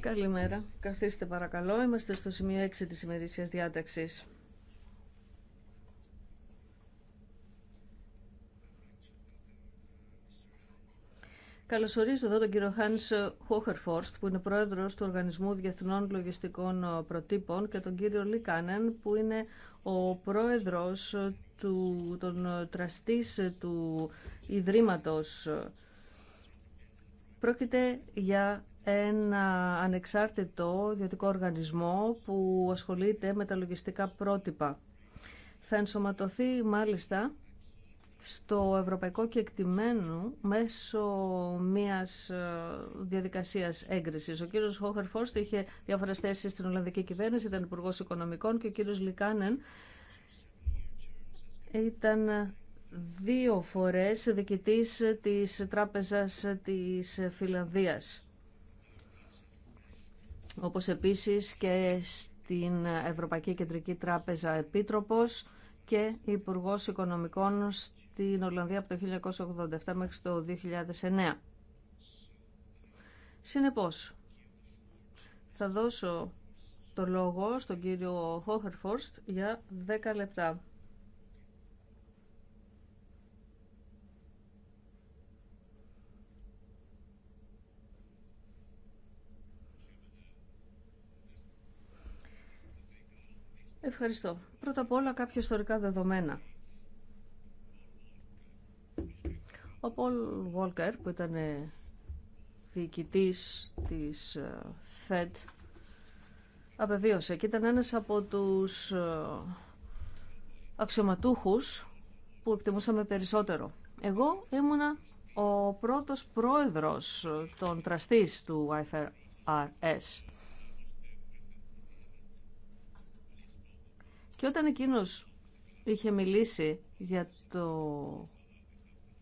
Καλημέρα. Καθίστε παρακαλώ. Είμαστε στο σημείο 6 της ημερήσιας διάταξης. Καλωσορίζω εδώ τον κύριο Hans Χόχερφόρστ, που είναι πρόεδρος του Οργανισμού Διεθνών Λογιστικών Προτύπων, και τον κύριο Λίκάνεν, που είναι ο πρόεδρος του, των τραστής του Ιδρύματος Πρόκειται για ένα ανεξάρτητο ιδιωτικό οργανισμό που ασχολείται με τα λογιστικά πρότυπα. Θα ενσωματωθεί μάλιστα στο ευρωπαϊκό κεκτημένο μέσω μιας ε, διαδικασίας έγκρισης. Ο κύριος Χόχερ είχε διάφορες θέσεις στην Ολλανδική κυβέρνηση, ήταν υπουργό Οικονομικών και ο κύριος Λικάνεν ήταν δύο φορές διοικητής της Τράπεζας της Φιλανδίας. Όπως επίσης και στην Ευρωπαϊκή Κεντρική Τράπεζα Επίτροπος και υπουργό Οικονομικών στην Ολλανδία από το 1987 μέχρι το 2009. Συνεπώς, θα δώσω το λόγο στον κύριο Χόχερφορστ για 10 λεπτά. Ευχαριστώ. Πρώτα απ' όλα κάποια ιστορικά δεδομένα. Ο Πολ Βόλκερ που ήταν ε, διοικητής της ΦΕΤ, απεβίωσε και ήταν ένας από τους ε, αξιωματούχους που εκτιμούσαμε περισσότερο. Εγώ ήμουνα ο πρώτος πρόεδρος ε, των τραστής του IFRS. Και όταν εκείνος είχε μιλήσει για το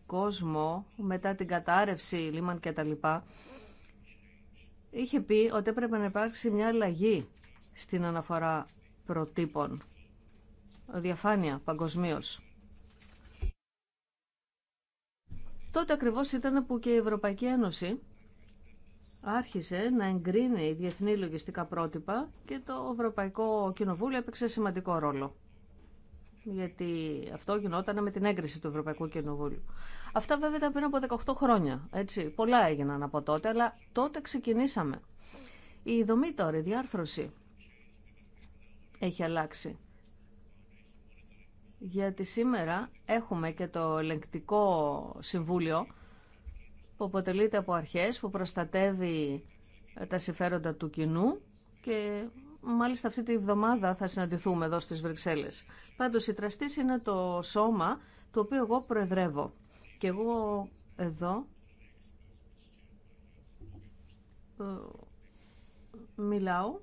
κόσμο μετά την κατάρρευση Λίμαν και τα λοιπά, είχε πει ότι έπρεπε να υπάρξει μια αλλαγή στην αναφορά προτύπων. Διαφάνεια παγκοσμίω. Τότε ακριβώς ήταν που και η Ευρωπαϊκή Ένωση άρχισε να εγκρίνει διεθνή λογιστικά πρότυπα και το Ευρωπαϊκό Κοινοβούλιο έπαιξε σημαντικό ρόλο. Γιατί αυτό γινόταν με την έγκριση του Ευρωπαϊκού Κοινοβούλου. Αυτά βέβαια ήταν πριν από 18 χρόνια. Έτσι. Πολλά έγιναν από τότε, αλλά τότε ξεκινήσαμε. Η δομή τώρα, η διάρθρωση έχει αλλάξει. Γιατί σήμερα έχουμε και το ελεγκτικό συμβούλιο που αποτελείται από αρχές που προστατεύει ε, τα συμφέροντα του κοινού και μάλιστα αυτή τη βδομάδα θα συναντηθούμε εδώ στις Βρυξέλλες. Πάντως η Τραστής είναι το σώμα το οποίο εγώ προεδρεύω και εγώ εδώ ε, μιλάω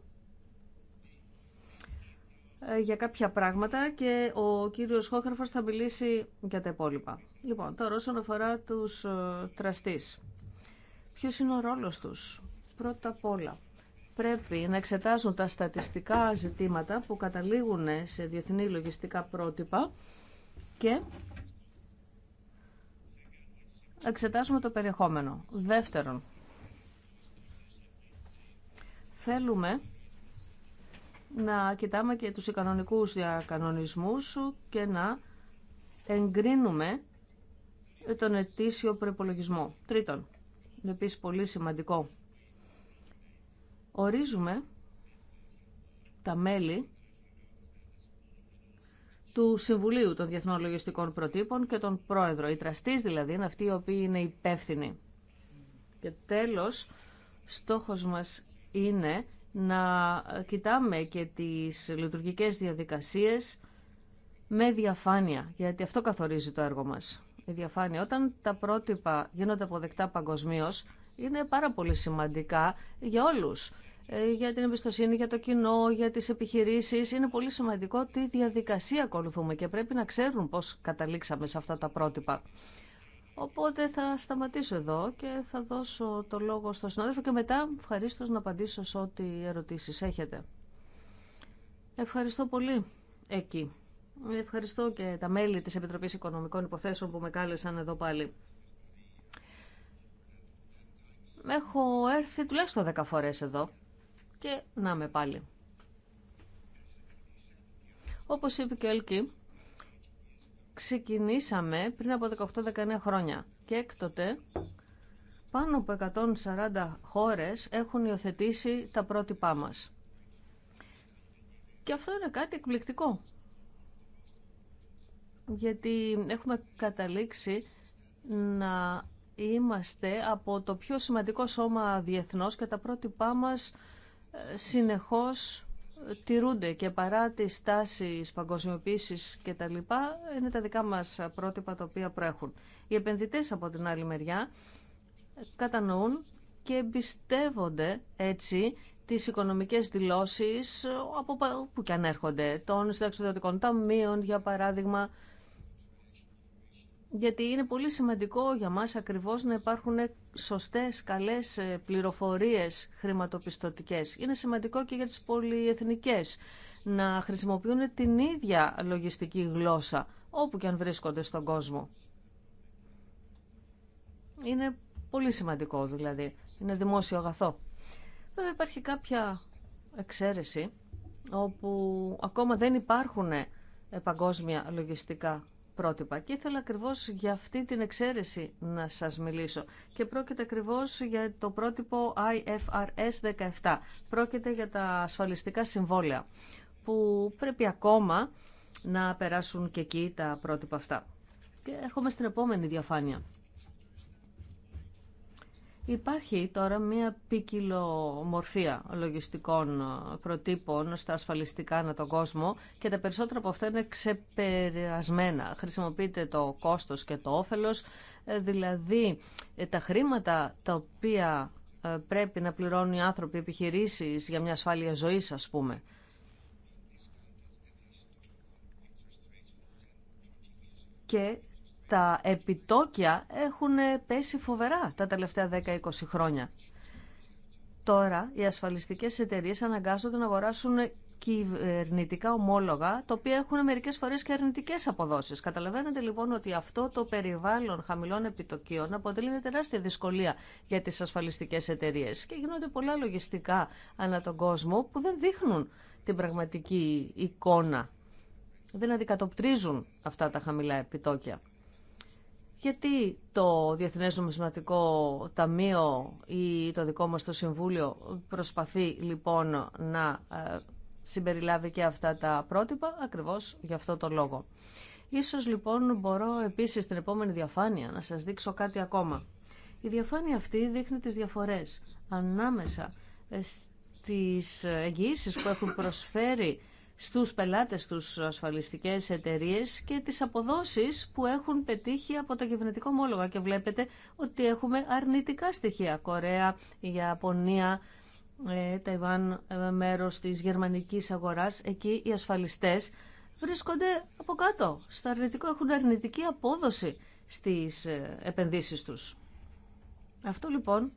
ε, για κάποια πράγματα και ο κύριος Χόκαρφος θα μιλήσει για τα υπόλοιπα. Λοιπόν, τώρα όσον αφορά τους ε, τραστείς. Ποιος είναι ο ρόλος τους. Πρώτα απ' όλα, πρέπει να εξετάζουν τα στατιστικά ζητήματα που καταλήγουν σε διεθνή λογιστικά πρότυπα και εξετάζουμε το περιεχόμενο. Δεύτερον, θέλουμε να κοιτάμε και τους ικανονικούς διακανονισμούς και να εγκρίνουμε τον ετήσιο προπολογισμό. Τρίτον, είναι επίσης πολύ σημαντικό. Ορίζουμε τα μέλη του Συμβουλίου των Διεθνών Λογιστικών Προτύπων και τον Πρόεδρο. Οι τραστείς δηλαδή είναι αυτοί οι οποίοι είναι υπεύθυνοι. Και τέλος, στόχος μας είναι να κοιτάμε και τις λειτουργικές διαδικασίες με διαφάνεια, γιατί αυτό καθορίζει το έργο μας. Η διαφάνεια, όταν τα πρότυπα γίνονται αποδεκτά παγκοσμίω, είναι πάρα πολύ σημαντικά για όλους. Ε, για την εμπιστοσύνη, για το κοινό, για τις επιχειρήσεις. Είναι πολύ σημαντικό τι διαδικασία ακολουθούμε και πρέπει να ξέρουν πώς καταλήξαμε σε αυτά τα πρότυπα. Οπότε θα σταματήσω εδώ και θα δώσω το λόγο στον συνάδελφο και μετά ευχαρίστω να απαντήσω σε ό,τι ερωτήσεις έχετε. Ευχαριστώ πολύ εκεί. Ευχαριστώ και τα μέλη της Επιτροπής Οικονομικών Υποθέσεων που με κάλεσαν εδώ πάλι. Έχω έρθει τουλάχιστον 10 φορές εδώ και να πάλι. Όπως είπε και ο Ελκή, ξεκινήσαμε πριν από 18-19 χρόνια και έκτοτε πάνω από 140 χώρες έχουν υιοθετήσει τα πρότυπά μας. Και αυτό είναι κάτι εκπληκτικό. Γιατί έχουμε καταλήξει να είμαστε από το πιο σημαντικό σώμα διεθνώς και τα πρότυπά μας ε, συνεχώς τηρούνται και παρά τις τάσεις παγκοσμιοποίησης και τα λοιπά, είναι τα δικά μας πρότυπα τα οποία προέχουν. Οι επενδυτές από την άλλη μεριά κατανοούν και εμπιστεύονται έτσι τις οικονομικές δηλώσεις από που και αν έρχονται, των συνταξιδοτικών ταμείων για παράδειγμα, γιατί είναι πολύ σημαντικό για μας ακριβώς να υπάρχουν σωστές, καλές ε, πληροφορίες χρηματοπιστωτικές. Είναι σημαντικό και για τις πολυεθνικές να χρησιμοποιούν την ίδια λογιστική γλώσσα όπου και αν βρίσκονται στον κόσμο. Είναι πολύ σημαντικό δηλαδή. Είναι δημόσιο αγαθό. Βέβαια υπάρχει κάποια εξαίρεση όπου ακόμα δεν υπάρχουν ε, παγκόσμια λογιστικά πρότυπα. Και ήθελα ακριβώς για αυτή την εξαίρεση να σας μιλήσω. Και πρόκειται ακριβώς για το πρότυπο IFRS 17. Πρόκειται για τα ασφαλιστικά συμβόλαια που πρέπει ακόμα να περάσουν και εκεί τα πρότυπα αυτά. Και έρχομαι στην επόμενη διαφάνεια. Υπάρχει τώρα μία ποικιλομορφία λογιστικών ε, προτύπων στα ασφαλιστικά ανά τον κόσμο και τα περισσότερα από αυτά είναι ξεπερασμένα. Χρησιμοποιείται το κόστος και το όφελος, ε, δηλαδή ε, τα χρήματα τα οποία πρέπει να πληρώνουν οι άνθρωποι επιχειρήσεις για μια ασφάλεια ζωής ας πούμε. Και τα επιτόκια έχουν πέσει φοβερά τα τελευταία 10-20 χρόνια. Τώρα οι ασφαλιστικές εταιρείες αναγκάζονται να αγοράσουν κυβερνητικά ομόλογα, τα οποία έχουν μερικές φορές και αρνητικές αποδόσεις. Καταλαβαίνετε λοιπόν ότι αυτό το περιβάλλον χαμηλών επιτοκίων αποτελεί μια τεράστια δυσκολία για τις ασφαλιστικές εταιρείες και γίνονται πολλά λογιστικά ανά τον κόσμο που δεν δείχνουν την πραγματική εικόνα. Δεν αντικατοπτρίζουν αυτά τα χαμηλά επιτόκια. Γιατί το Διεθνές Νομισματικό Ταμείο ή το δικό μας το Συμβούλιο προσπαθεί λοιπόν να ε, συμπεριλάβει και αυτά τα πρότυπα, ακριβώς γι' αυτό το λόγο. Ίσως λοιπόν μπορώ επίσης στην επόμενη διαφάνεια να σας δείξω κάτι ακόμα. Η διαφάνεια αυτή δείχνει τις διαφορές ανάμεσα ε, στις εγγυήσεις που έχουν προσφέρει στους πελάτες τους ασφαλιστικές εταιρείες και τις αποδόσεις που έχουν πετύχει από τα κυβερνητικό ομόλογα και βλέπετε ότι έχουμε αρνητικά στοιχεία. Κορέα, Ιαπωνία, ε, Ταϊβάν, ε, μέρος της γερμανικής αγοράς, εκεί οι ασφαλιστές βρίσκονται από κάτω. αρνητικό έχουν αρνητική απόδοση στις ε, επενδύσεις τους. Αυτό λοιπόν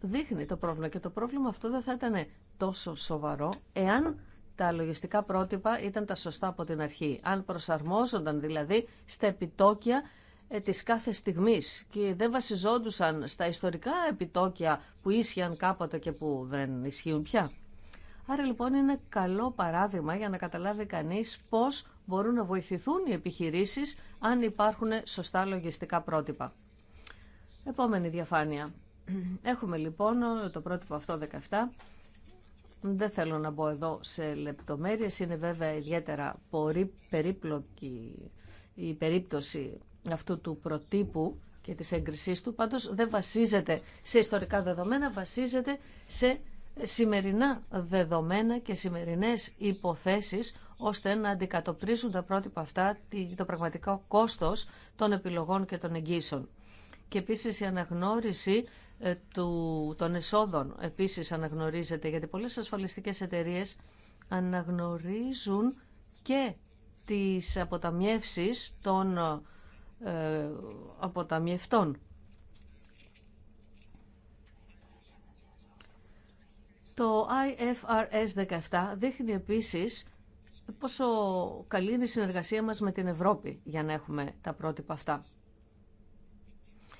δείχνει το πρόβλημα και το πρόβλημα αυτό δεν θα ήταν τόσο σοβαρό εάν τα λογιστικά πρότυπα ήταν τα σωστά από την αρχή. Αν προσαρμόζονταν δηλαδή στα επιτόκια ε, της κάθε στιγμής και δεν βασιζόντουσαν στα ιστορικά επιτόκια που ίσχυαν κάποτε και που δεν ισχύουν πια. Άρα λοιπόν είναι καλό παράδειγμα για να καταλάβει κανείς πώς μπορούν να βοηθηθούν οι επιχειρήσεις αν υπάρχουν σωστά λογιστικά πρότυπα. Επόμενη διαφάνεια. Έχουμε λοιπόν το πρότυπο αυτό 17 δεν θέλω να μπω εδώ σε λεπτομέρειες, είναι βέβαια ιδιαίτερα περίπλοκη η περίπτωση αυτού του προτύπου και της έγκρισής του, πάντως δεν βασίζεται σε ιστορικά δεδομένα, βασίζεται σε σημερινά δεδομένα και σημερινές υποθέσεις ώστε να αντικατοπτρίσουν τα πρότυπα αυτά το πραγματικό κόστος των επιλογών και των εγγύσεων. Και επίσης η αναγνώριση ε, του, των εσόδων επίσης αναγνωρίζεται, γιατί πολλές ασφαλιστικές εταιρείες αναγνωρίζουν και τις αποταμιεύσεις των ε, αποταμιευτών. Το IFRS 17 δείχνει επίσης πόσο καλή είναι η συνεργασία μας με την Ευρώπη για να έχουμε τα πρότυπα αυτά.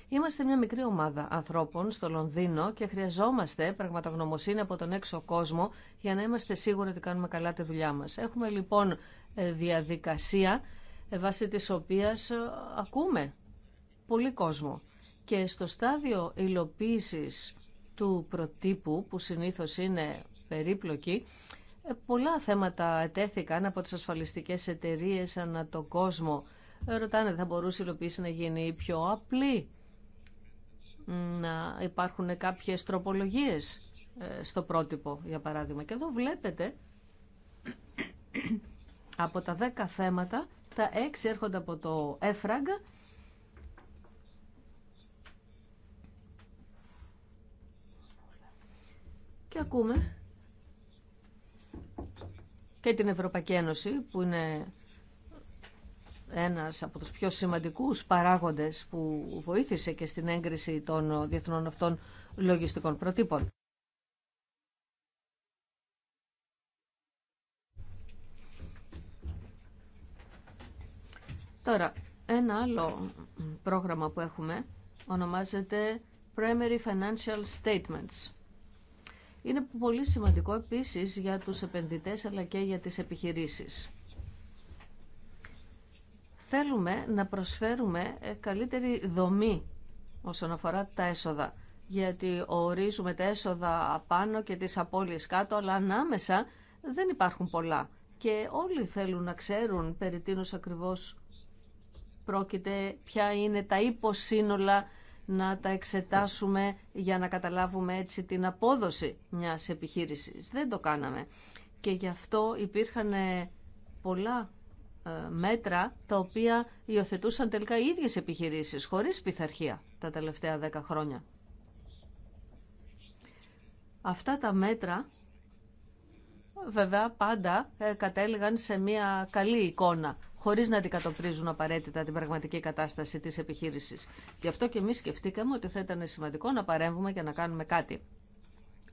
Είμαστε μια μικρή ομάδα ανθρώπων στο Λονδίνο και χρειαζόμαστε πραγματογνωμοσύνη από τον έξω κόσμο για να είμαστε σίγουροι ότι κάνουμε καλά τη δουλειά μας. Έχουμε λοιπόν ε, διαδικασία ε, βάσει της οποίας ε, ακούμε πολύ κόσμο. Και στο στάδιο υλοποίηση του προτύπου, που συνήθως είναι περίπλοκη, πολλά θέματα ετέθηκαν από τις ασφαλιστικές εταιρείες ανά τον κόσμο. Ρωτάνε, θα μπορούσε η υλοποίηση να γίνει πιο απλή, να υπάρχουν κάποιες τροπολογίες ε, στο πρότυπο, για παράδειγμα. Και εδώ βλέπετε από τα 10 θέματα, τα 6 έρχονται από το ΕΦΡΑΓ και ακούμε και την Ευρωπαϊκή Ένωση που είναι ένας από τους πιο σημαντικούς παράγοντες που βοήθησε και στην έγκριση των διεθνών αυτών λογιστικών προτύπων. Τώρα, ένα άλλο πρόγραμμα που έχουμε ονομάζεται Primary Financial Statements. Είναι πολύ σημαντικό επίσης για τους επενδυτές αλλά και για τις επιχειρήσεις. Θέλουμε να προσφέρουμε ε, καλύτερη δομή όσον αφορά τα έσοδα. Γιατί ορίζουμε τα έσοδα απάνω και τις απώλειες κάτω, αλλά ανάμεσα δεν υπάρχουν πολλά. Και όλοι θέλουν να ξέρουν περί τίνος ακριβώς πρόκειται, ποια είναι τα υποσύνολα να τα εξετάσουμε για να καταλάβουμε έτσι την απόδοση μιας επιχείρησης. Δεν το κάναμε. Και γι' αυτό υπήρχαν πολλά ε, μέτρα τα οποία υιοθετούσαν τελικά οι ίδιες επιχειρήσεις χωρίς πειθαρχία τα τελευταία δέκα χρόνια. Αυτά τα μέτρα βέβαια πάντα ε, κατέληγαν σε μια καλή εικόνα χωρίς να αντικατοπτρίζουν απαραίτητα την πραγματική κατάσταση της επιχείρησης. Γι' αυτό και εμείς σκεφτήκαμε ότι θα ήταν σημαντικό να παρέμβουμε και να κάνουμε κάτι.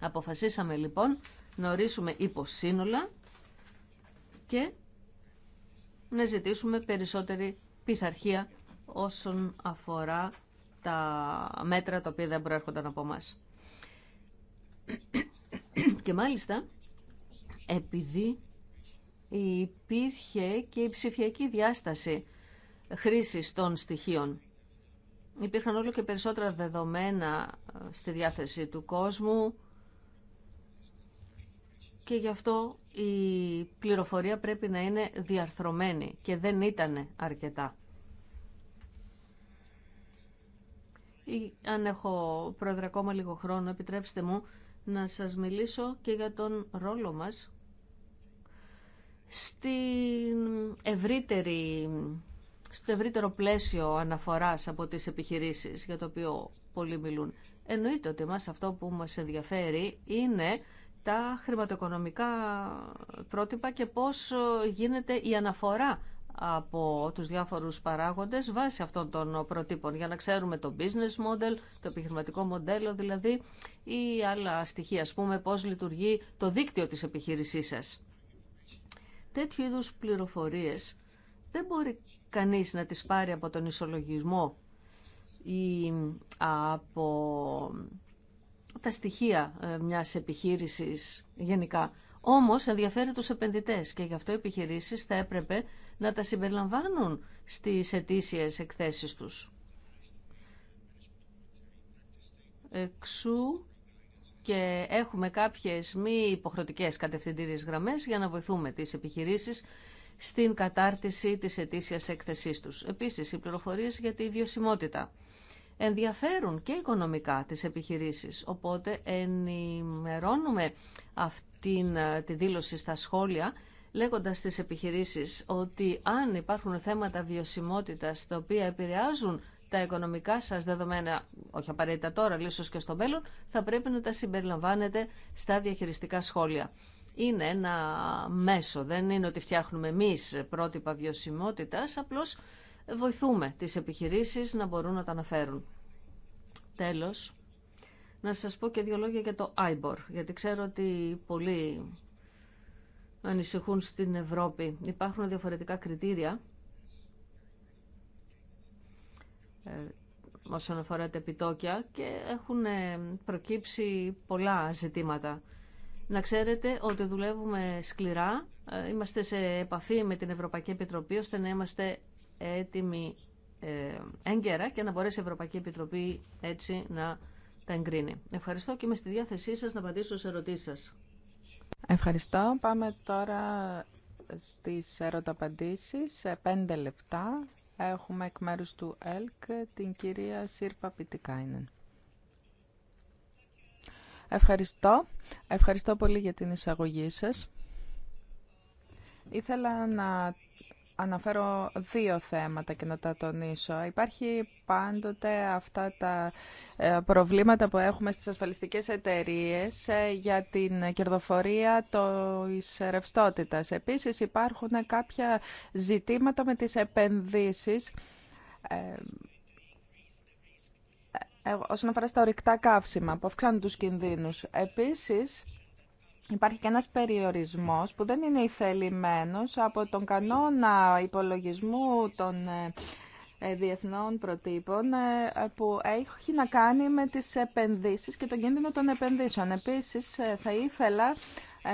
Αποφασίσαμε λοιπόν να ορίσουμε υποσύνολα και να ζητήσουμε περισσότερη πειθαρχία όσον αφορά τα μέτρα τα οποία δεν προέρχονταν από εμά. Και μάλιστα, επειδή υπήρχε και η ψηφιακή διάσταση χρήσης των στοιχείων. Υπήρχαν όλο και περισσότερα δεδομένα ε, στη διάθεση του κόσμου, και γι' αυτό η πληροφορία πρέπει να είναι διαρθρωμένη και δεν ήταν αρκετά. Ή, αν έχω πρόεδρε ακόμα λίγο χρόνο, επιτρέψτε μου να σας μιλήσω και για τον ρόλο μας στην ευρύτερη, στο ευρύτερο πλαίσιο αναφοράς από τις επιχειρήσεις για το οποίο πολλοί μιλούν. Εννοείται ότι μας αυτό που μας ενδιαφέρει είναι τα χρηματοοικονομικά πρότυπα και πώς ε, γίνεται η αναφορά από τους διάφορους παράγοντες βάσει αυτών των προτύπων για να ξέρουμε το business model, το επιχειρηματικό μοντέλο δηλαδή ή άλλα στοιχεία, ας πούμε πώς λειτουργεί το δίκτυο της επιχείρησής σας. Τέτοιου είδους πληροφορίες δεν μπορεί κανείς να τις πάρει από τον ισολογισμό ή από τα στοιχεία ε, μιας επιχείρησης γενικά. Όμως ενδιαφέρει τους επενδυτές και γι' αυτό οι επιχειρήσεις θα έπρεπε να τα συμπεριλαμβάνουν στις ετήσιες εκθέσεις τους. Εξού και έχουμε κάποιες μη υποχρεωτικές κατευθυντήριες γραμμές για να βοηθούμε τις επιχειρήσεις στην κατάρτιση της ετήσιας εκθεσή τους. Επίσης, οι πληροφορίες για τη βιωσιμότητα ενδιαφέρουν και οικονομικά τις επιχειρήσεις. Οπότε ενημερώνουμε αυτή ε, τη δήλωση στα σχόλια λέγοντας στις επιχειρήσεις ότι αν υπάρχουν θέματα βιωσιμότητας τα οποία επηρεάζουν τα οικονομικά σας δεδομένα, όχι απαραίτητα τώρα, αλλά ίσως και στο μέλλον, θα πρέπει να τα συμπεριλαμβάνετε στα διαχειριστικά σχόλια. Είναι ένα μέσο, δεν είναι ότι φτιάχνουμε εμείς πρότυπα βιωσιμότητας, απλώς βοηθούμε τις επιχειρήσεις να μπορούν να τα αναφέρουν. Τέλος, να σας πω και δύο λόγια για το IBOR, γιατί ξέρω ότι πολλοί ανησυχούν στην Ευρώπη. Υπάρχουν διαφορετικά κριτήρια ε, όσον αφορά τα επιτόκια και έχουν ε, προκύψει πολλά ζητήματα. Να ξέρετε ότι δουλεύουμε σκληρά, ε, είμαστε σε επαφή με την Ευρωπαϊκή Επιτροπή ώστε να είμαστε έτοιμη ε, έγκαιρα και να μπορέσει η Ευρωπαϊκή Επιτροπή έτσι να τα εγκρίνει. Ευχαριστώ και είμαι στη διάθεσή σας να απαντήσω σε ερωτήσεις σας. Ευχαριστώ. Πάμε τώρα στις ερωταπαντήσεις. Πέντε λεπτά έχουμε εκ μέρους του ΕΛΚ την κυρία Σύρπα Πιτικάινεν. Ευχαριστώ. Ευχαριστώ πολύ για την εισαγωγή σας. Ήθελα να αναφέρω δύο θέματα και να τα τονίσω. Υπάρχει πάντοτε αυτά τα ε, προβλήματα που έχουμε στις ασφαλιστικές εταιρείες ε, για την κερδοφορία της ρευστότητας. Επίσης υπάρχουν κάποια ζητήματα με τις επενδύσεις ε, όσον αφορά στα ορυκτά καύσιμα που αυξάνουν τους κινδύνους. Επίσης, Υπάρχει και ένας περιορισμός που δεν είναι ηθελημένος από τον κανόνα υπολογισμού των ε, ε, διεθνών προτύπων ε, που έχει να κάνει με τις επενδύσεις και τον κίνδυνο των επενδύσεων. Επίσης, θα ήθελα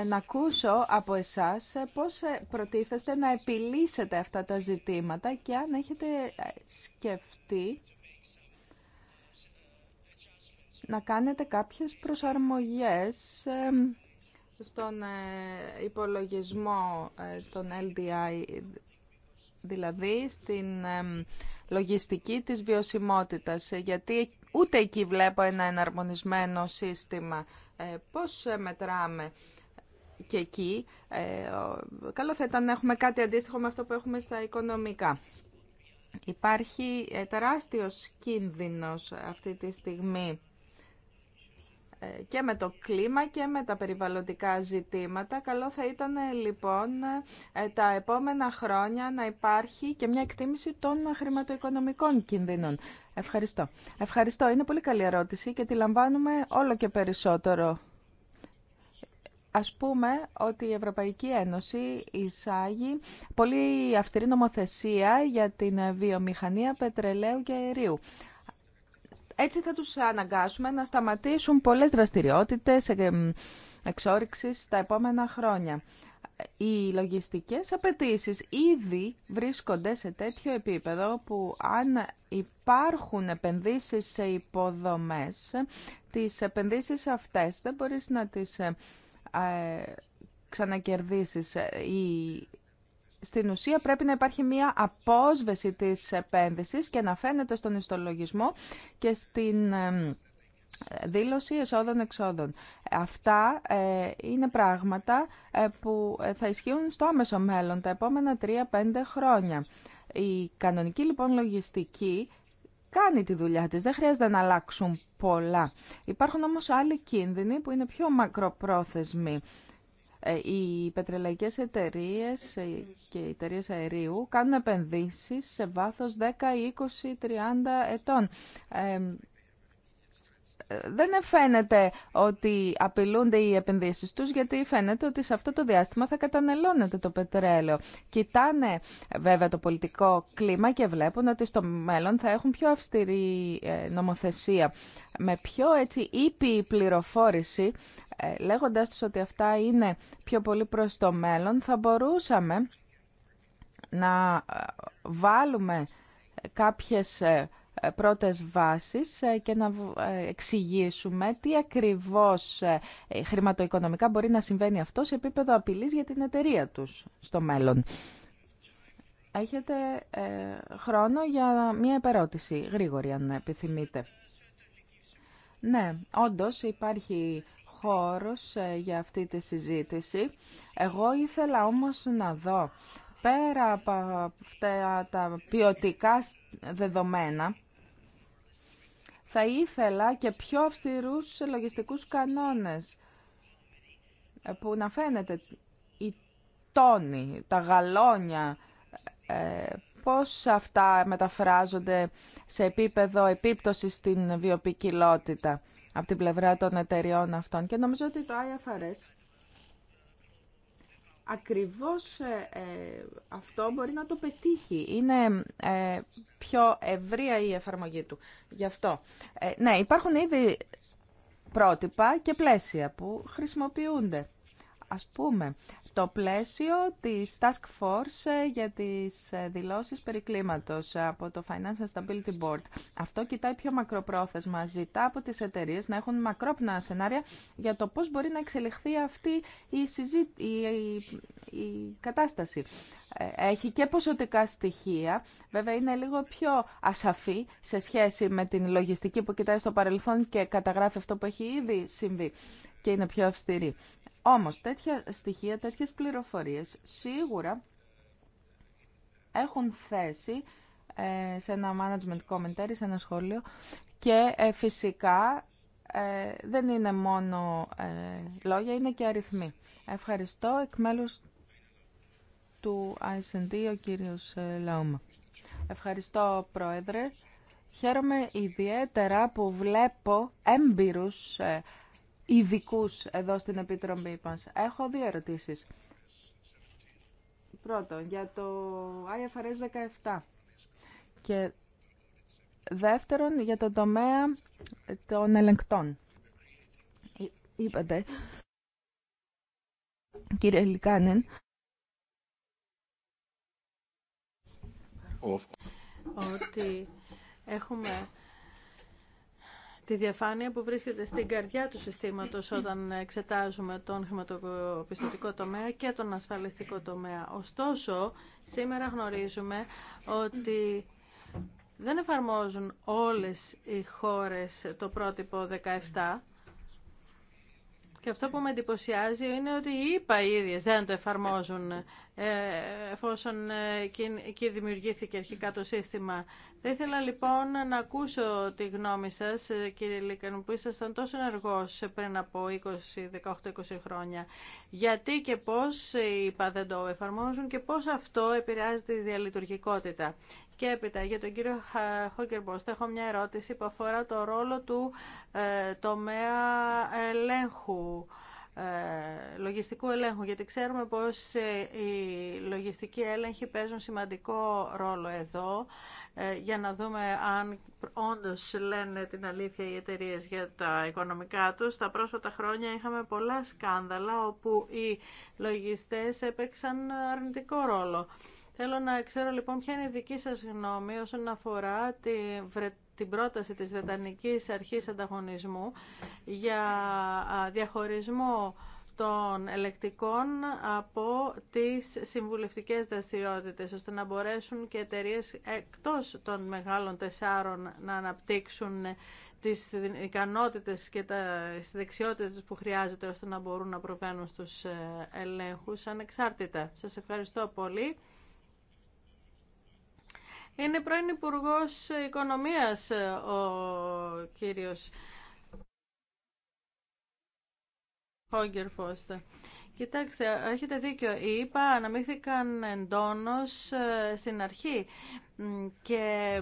να ακούσω από εσάς πώς προτίθεστε να επιλύσετε αυτά τα ζητήματα και αν έχετε σκεφτεί να κάνετε κάποιες προσαρμογές στον ε, υπολογισμό ε, των LDI, δηλαδή στην λογιστική της βιωσιμότητας, ε, γιατί ούτε εκεί βλέπω ένα εναρμονισμένο σύστημα. Πώς μετράμε και εκεί. Καλό θα ήταν να έχουμε κάτι αντίστοιχο με αυτό που έχουμε στα οικονομικά. Υπάρχει τεράστιος κίνδυνος αυτή τη στιγμή ε, και με το κλίμα και με τα περιβαλλοντικά ζητήματα. Καλό θα ήταν ε, λοιπόν ε, τα επόμενα χρόνια να υπάρχει και μια εκτίμηση των χρηματοοικονομικών κινδύνων. Ευχαριστώ. Ευχαριστώ. Είναι πολύ καλή ερώτηση και τη λαμβάνουμε όλο και περισσότερο. Ας πούμε ότι η Ευρωπαϊκή Ένωση εισάγει πολύ αυστηρή νομοθεσία για την βιομηχανία πετρελαίου και αερίου. Έτσι θα τους αναγκάσουμε να σταματήσουν πολλές δραστηριότητες ε, εξόριξης τα επόμενα χρόνια. Οι λογιστικές απαιτήσεις ήδη βρίσκονται σε τέτοιο επίπεδο που αν υπάρχουν επενδύσεις σε υποδομές, τις επενδύσεις αυτές δεν μπορείς να τις ε, ε, ξανακερδίσεις στην ουσία πρέπει να υπάρχει μία απόσβεση της επένδυσης και να φαίνεται στον ιστολογισμό και στην δήλωση εσόδων-εξόδων. Αυτά ε, είναι πράγματα ε, που ε, θα ισχύουν στο άμεσο μέλλον, τα επόμενα 3-5 χρόνια. Η κανονική λοιπόν λογιστική κάνει τη δουλειά της, δεν χρειάζεται να αλλάξουν πολλά. Υπάρχουν όμως άλλοι κίνδυνοι που είναι πιο μακροπρόθεσμοι. Ε, οι πετρελαϊκές εταιρείες ε, και οι εταιρείες αερίου κάνουν επενδύσεις σε βάθος 10, 20, 30 ετών. Ε, δεν φαίνεται ότι απειλούνται οι επενδύσεις τους γιατί φαίνεται ότι σε αυτό το διάστημα θα κατανελώνεται το πετρέλαιο. Κοιτάνε βέβαια το πολιτικό κλίμα και βλέπουν ότι στο μέλλον θα έχουν πιο αυστηρή ε, νομοθεσία με πιο έτσι ήπιη πληροφόρηση ε, λέγοντας τους ότι αυτά είναι πιο πολύ προς το μέλλον θα μπορούσαμε να ε, βάλουμε κάποιες πρώτες βάσεις ε, και να ε, εξηγήσουμε τι ακριβώς ε, χρηματοοικονομικά μπορεί να συμβαίνει αυτό σε επίπεδο απειλής για την εταιρεία τους στο μέλλον. Έχετε χρόνο για μία επερώτηση, γρήγορη αν επιθυμείτε. Ναι, όντως υπάρχει χώρος για αυτή τη συζήτηση. Εγώ ήθελα όμως να δω πέρα από αυτά τα ποιοτικά δεδομένα, θα ήθελα και πιο αυστηρούς λογιστικούς κανόνες που να φαίνεται η τόνη, τα γαλόνια, ε, πώς αυτά μεταφράζονται σε επίπεδο επίπτωση στην βιοπικιλότητα από την πλευρά των εταιριών αυτών. Και νομίζω ότι το IFRS ακριβώς ε, ε, αυτό μπορεί να το πετύχει. Είναι ε, πιο ευρία η εφαρμογή του. Γι' αυτό. Ναι, υπάρχουν ήδη πρότυπα και πλαίσια που χρησιμοποιούνται. Ας πούμε, το πλαίσιο της Task Force ε, για τις ε, δηλώσεις περί ε, από το Financial Stability Board. Αυτό κοιτάει πιο μακροπρόθεσμα, ζητά από τις εταιρείες να έχουν μακρόπνα σενάρια για το πώς μπορεί να εξελιχθεί αυτή η, συζή... η... η κατάσταση. Έχει και ποσοτικά στοιχεία, βέβαια είναι λίγο πιο ασαφή σε σχέση με την λογιστική που κοιτάει στο παρελθόν και καταγράφει αυτό που έχει ήδη συμβεί και είναι πιο αυστηρή. Όμως τέτοια στοιχεία, τέτοιες πληροφορίες σίγουρα έχουν θέση ε, σε ένα management commentary, σε ένα σχόλιο και ε, φυσικά ε, δεν είναι μόνο λόγια, είναι και αριθμοί. Ευχαριστώ εκ μέλους του ISND ο κύριος Λαούμα. Ευχαριστώ Πρόεδρε. Χαίρομαι ιδιαίτερα που βλέπω έμπειρους ειδικού εδώ στην Επιτροπή μα. Έχω δύο ερωτήσει. Πρώτον, για το IFRS 17 και δεύτερον για το τομέα των ελεγκτών. Είπατε, κύριε Λικάνεν, ότι έχουμε τη διαφάνεια που βρίσκεται στην καρδιά του συστήματος όταν εξετάζουμε τον χρηματοπιστωτικό τομέα και τον ασφαλιστικό τομέα. Ωστόσο, σήμερα γνωρίζουμε ότι δεν εφαρμόζουν όλες οι χώρες το πρότυπο 17 και αυτό που με εντυπωσιάζει είναι ότι οι ΙΠΑ ίδιες δεν το εφαρμόζουν εφόσον ε, εκεί δημιουργήθηκε αρχικά το σύστημα. Θα ήθελα λοιπόν να ακούσω τη γνώμη σας, ε, κύριε Λίκαν, που ήσασταν τόσο ενεργός πριν από 18-20 χρόνια. Γιατί και πώς οι δεν το εφαρμόζουν και πώς αυτό επηρεάζει τη διαλειτουργικότητα. Και έπειτα για τον κύριο Χόγκερμποστ έχω μια ερώτηση που αφορά το ρόλο του ε, τομέα ελέγχου. Ε, λογιστικού ελέγχου, γιατί ξέρουμε πως ε, οι λογιστικοί έλεγχοι παίζουν σημαντικό ρόλο εδώ ε, για να δούμε αν όντως λένε την αλήθεια οι εταιρείε για τα οικονομικά τους. Τα πρόσφατα χρόνια είχαμε πολλά σκάνδαλα όπου οι λογιστές έπαιξαν αρνητικό ρόλο. Θέλω να ξέρω λοιπόν ποια είναι η δική σας γνώμη όσον αφορά τη Βρετανία την πρόταση της Βρετανικής Αρχής Ανταγωνισμού για διαχωρισμό των ελεκτικών από τις συμβουλευτικές δραστηριότητες, ώστε να μπορέσουν και εταιρείε εκτός των μεγάλων τεσσάρων να αναπτύξουν τις ικανότητες και τις δεξιότητες που χρειάζεται ώστε να μπορούν να προβαίνουν στους ε, ελέγχους ανεξάρτητα. Σας ευχαριστώ πολύ. Είναι πρώην Υπουργό Οικονομίας ε, ο κύριος Χόγκερ Φώστα. Κοιτάξτε, έχετε δίκιο. Οι ΙΠΑ αναμίχθηκαν εντόνως ε, στην αρχή και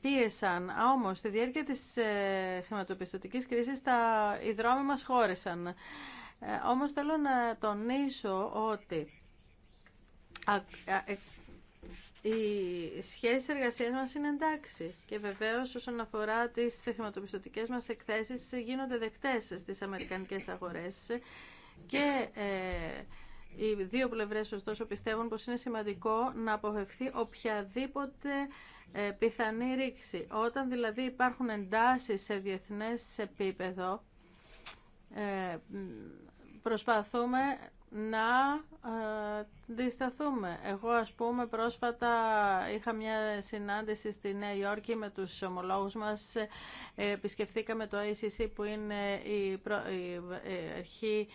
πίεσαν. όμω στη διάρκεια της ε, χρηματοπιστωτική κρίση τα, οι δρόμοι μας χώρισαν. Όμω θέλω να τονίσω ότι οι σχέσει εργασία μα είναι εντάξει και βεβαίω όσον αφορά τι χρηματοπιστωτικέ μας εκθέσεις γίνονται δεκτές στις αμερικανικές αγορές και ε, οι δύο πλευρέ ωστόσο πιστεύουν πως είναι σημαντικό να αποφευθεί οποιαδήποτε ε, πιθανή ρήξη. Όταν δηλαδή υπάρχουν εντάσεις σε διεθνές επίπεδο ε, προσπαθούμε να ε, δισταθούμε. Εγώ ας πούμε πρόσφατα είχα μια συνάντηση στη Νέα Υόρκη με τους ομολόγους μας. Ε, επισκεφθήκαμε το ICC που είναι η ε, αρχή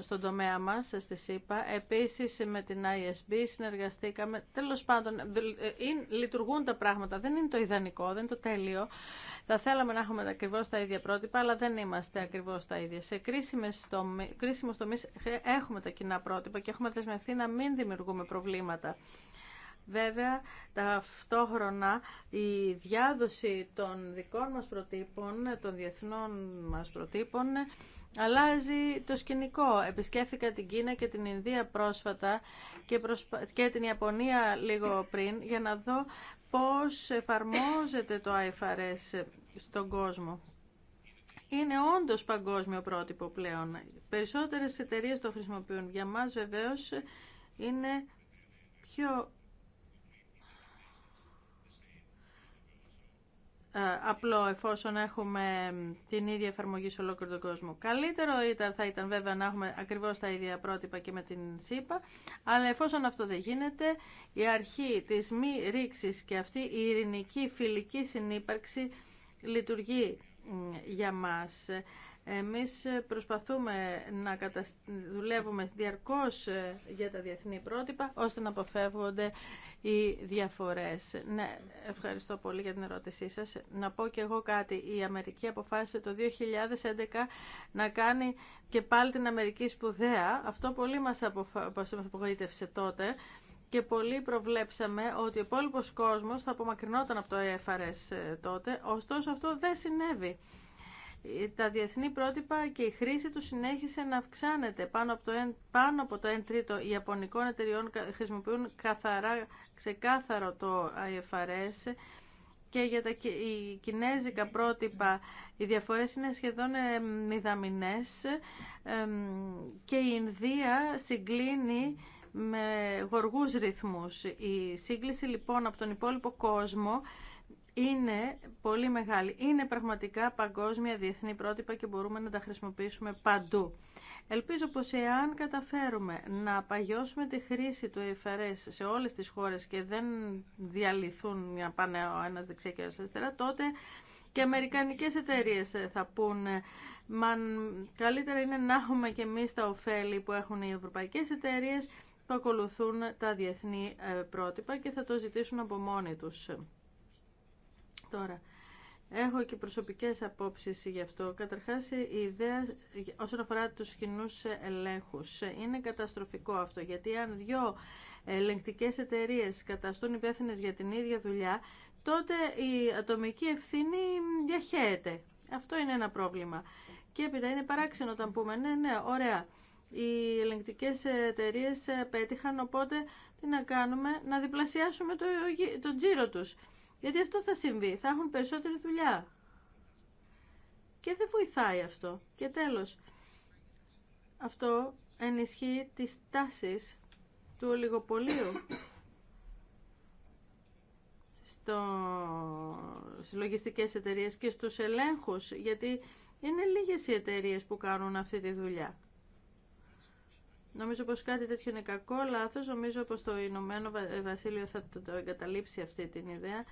στον τομέα μας, ε, στη είπα. Επίσης με την ISB συνεργαστήκαμε. Τέλος πάντων, ε, λειτουργούν τα πράγματα. Δεν είναι το ιδανικό, δεν είναι το τέλειο. Θα θέλαμε να έχουμε ακριβώς τα ίδια πρότυπα, αλλά δεν είμαστε ακριβώς τα ίδια. Σε κρίσιμους τομεί ε, έχουμε τα κοινά πρότυπα και έχουμε δεσμευτεί να μην δημιουργούμε προβλήματα. Βέβαια, ταυτόχρονα η διάδοση των δικών μας προτύπων, των διεθνών μας προτύπων, αλλάζει το σκηνικό. Επισκέφθηκα την Κίνα και την Ινδία πρόσφατα και, και την Ιαπωνία λίγο πριν για να δω πώς εφαρμόζεται το IFRS στον κόσμο. Είναι όντως παγκόσμιο πρότυπο πλέον. Περισσότερες εταιρείες το χρησιμοποιούν. Για μας βεβαίως είναι πιο Ε, απλό εφόσον έχουμε την ίδια εφαρμογή σε ολόκληρο τον κόσμο. Καλύτερο ήταν, θα ήταν βέβαια να έχουμε ακριβώς τα ίδια πρότυπα και με την ΣΥΠΑ, αλλά εφόσον αυτό δεν γίνεται, η αρχή της μη ρήξης και αυτή η ειρηνική φιλική συνύπαρξη λειτουργεί για μας. Εμείς προσπαθούμε να δουλεύουμε διαρκώς ε, για τα διεθνή πρότυπα, ώστε να αποφεύγονται οι διαφορές. Ναι, ευχαριστώ πολύ για την ερώτησή σας. Να πω και εγώ κάτι. Η Αμερική αποφάσισε το 2011 να κάνει και πάλι την Αμερική σπουδαία. Αυτό πολύ μας απογοήτευσε τότε και πολύ προβλέψαμε ότι ο υπόλοιπο κόσμος θα απομακρυνόταν από το EFRS ε ε, τότε. Ωστόσο αυτό δεν συνέβη τα διεθνή πρότυπα και η χρήση του συνέχισε να αυξάνεται. Πάνω από το 1, πάνω από το 1 τρίτο οι Ιαπωνικών εταιριών χρησιμοποιούν καθαρά, ξεκάθαρο το IFRS και για τα κινέζικα πρότυπα οι διαφορές είναι σχεδόν ε, μηδαμινές και η Ινδία συγκλίνει με γοργούς ρυθμούς. Η σύγκληση λοιπόν από τον υπόλοιπο κόσμο είναι πολύ μεγάλη. Είναι πραγματικά παγκόσμια διεθνή πρότυπα και μπορούμε να τα χρησιμοποιήσουμε παντού. Ελπίζω πως εάν καταφέρουμε να παγιώσουμε τη χρήση του ΕΦΡΕΣ σε όλες τις χώρες και δεν διαλυθούν για να πάνε ο ένας δεξιά και ο αριστερά, τότε και αμερικανικές εταιρείε θα πούν μα καλύτερα είναι να έχουμε και εμεί τα ωφέλη που έχουν οι ευρωπαϊκές εταιρείε που ακολουθούν τα διεθνή ε, πρότυπα και θα το ζητήσουν από μόνοι τους. Τώρα, έχω και προσωπικές απόψεις γι' αυτό. Καταρχάς, η ιδέα όσον αφορά τους κοινού ελέγχους. Είναι καταστροφικό αυτό, γιατί αν δυο ελεγκτικέ εταιρείε καταστούν υπεύθυνε για την ίδια δουλειά, τότε η ατομική ευθύνη διαχέεται. Αυτό είναι ένα πρόβλημα. Και έπειτα είναι παράξενο όταν πούμε, ναι, ναι, ωραία, οι ελεγκτικές εταιρείε πέτυχαν, οπότε τι να κάνουμε, να διπλασιάσουμε τον το τζίρο τους. Γιατί αυτό θα συμβεί, θα έχουν περισσότερη δουλειά. Και δεν βοηθάει αυτό. Και τέλος, αυτό ενισχύει τις τάσεις του ολιγοπολίου στο, στις λογιστικές εταιρείες και στους ελέγχους, γιατί είναι λίγες οι εταιρείες που κάνουν αυτή τη δουλειά. Νομίζω πως κάτι τέτοιο είναι κακό, λάθος. Νομίζω πως το Ηνωμένο ε, Βασίλειο θα το, το εγκαταλείψει αυτή την ιδέα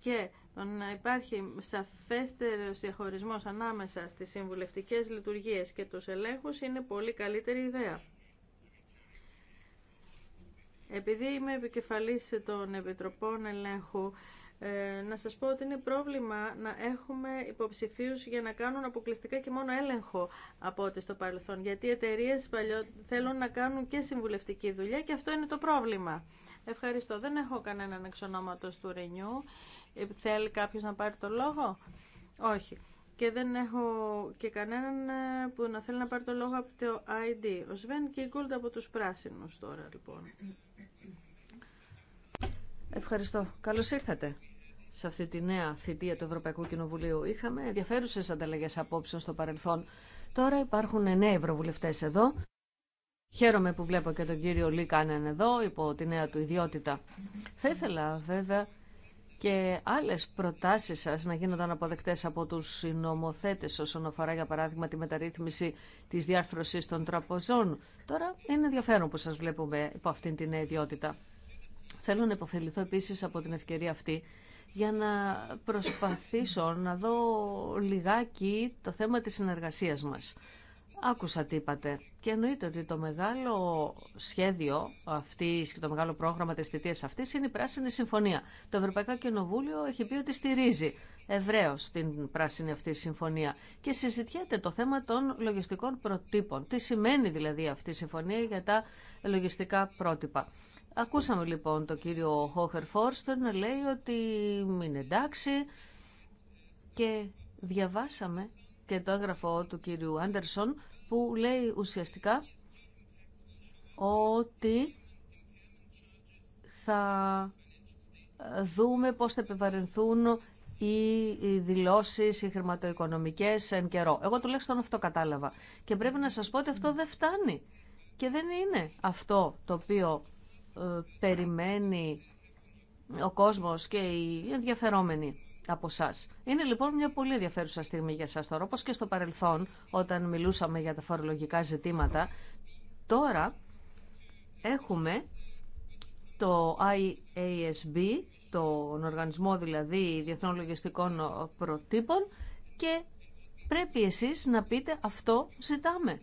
και να υπάρχει σαφέστερος διαχωρισμός ανάμεσα στις συμβουλευτικές λειτουργίες και τους ελέγχους είναι πολύ καλύτερη ιδέα. Επειδή είμαι επικεφαλής των Επιτροπών Ελέγχου, ε, να σας πω ότι είναι πρόβλημα να έχουμε υποψηφίους για να κάνουν αποκλειστικά και μόνο έλεγχο από ό,τι στο παρελθόν. Γιατί οι εταιρείε θέλουν να κάνουν και συμβουλευτική δουλειά και αυτό είναι το πρόβλημα. Ευχαριστώ. Δεν έχω κανέναν εξ του Ρενιού. Θέλει κάποιος να πάρει το λόγο? Όχι. Και δεν έχω και κανέναν ε, που να θέλει να πάρει το λόγο από το ID. Ο Σβέν Κίγκολτ από τους πράσινους τώρα λοιπόν. Ευχαριστώ. Καλώς ήρθατε σε αυτή τη νέα θητεία του Ευρωπαϊκού Κοινοβουλίου. Είχαμε ενδιαφέρουσε ανταλλαγές απόψεων στο παρελθόν. Τώρα υπάρχουν νέοι ευρωβουλευτέ εδώ. Χαίρομαι που βλέπω και τον κύριο Λίκανεν εδώ, υπό τη νέα του ιδιότητα. Θα ήθελα βέβαια και άλλες προτάσεις σας να γίνονταν αποδεκτές από τους νομοθέτες όσον αφορά για παράδειγμα τη μεταρρύθμιση της διάρθρωσης των τραπεζών. Τώρα είναι ενδιαφέρον που σας βλέπουμε από αυτήν την ιδιότητα. Θέλω να υποφεληθώ επίσης από την ευκαιρία αυτή για να προσπαθήσω να δω λιγάκι το θέμα της συνεργασίας μας. Άκουσα τι είπατε. Και εννοείται ότι το μεγάλο σχέδιο αυτή και το μεγάλο πρόγραμμα τη θητεία αυτή είναι η Πράσινη Συμφωνία. Το Ευρωπαϊκό Κοινοβούλιο έχει πει ότι στηρίζει ευρέω την Πράσινη αυτή Συμφωνία και συζητιέται το θέμα των λογιστικών προτύπων. Τι σημαίνει δηλαδή αυτή η συμφωνία για τα λογιστικά πρότυπα. Ακούσαμε λοιπόν τον κύριο Χόχερ Φόρστερ να λέει ότι είναι εντάξει και διαβάσαμε και το έγγραφο του κύριου Άντερσον που λέει ουσιαστικά ότι θα δούμε πώς θα επιβαρυνθούν οι δηλώσεις, οι χρηματοοικονομικές εν καιρό. Εγώ τουλάχιστον αυτό κατάλαβα. Και πρέπει να σας πω ότι αυτό δεν φτάνει. Και δεν είναι αυτό το οποίο ε, περιμένει ο κόσμος και οι ενδιαφερόμενοι από εσά. Είναι λοιπόν μια πολύ ενδιαφέρουσα στιγμή για σας τώρα, Όπω και στο παρελθόν, όταν μιλούσαμε για τα φορολογικά ζητήματα. Τώρα έχουμε το IASB, τον Οργανισμό δηλαδή Διεθνών Λογιστικών Προτύπων και πρέπει εσείς να πείτε αυτό ζητάμε.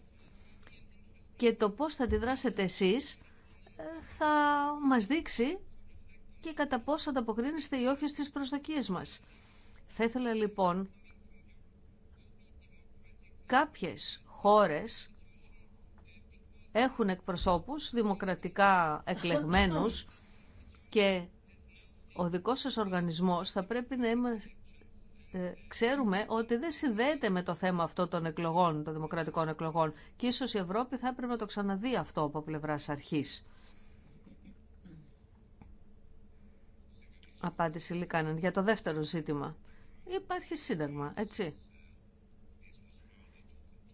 Και το πώς θα αντιδράσετε εσείς ε, θα μας δείξει και κατά πόσο ανταποκρίνεστε ή όχι στις προσδοκίες μας. Θα ήθελα λοιπόν κάποιες χώρες έχουν εκπροσώπους δημοκρατικά εκλεγμένους και ο δικός σας οργανισμός θα πρέπει να είμαστε ξέρουμε ότι δεν συνδέεται με το θέμα αυτό των εκλογών, των δημοκρατικών εκλογών και ίσως η Ευρώπη θα έπρεπε να το ξαναδεί αυτό από πλευράς αρχής. Απάντηση Λίκανεν. Για το δεύτερο ζήτημα. Υπάρχει σύνταγμα, έτσι.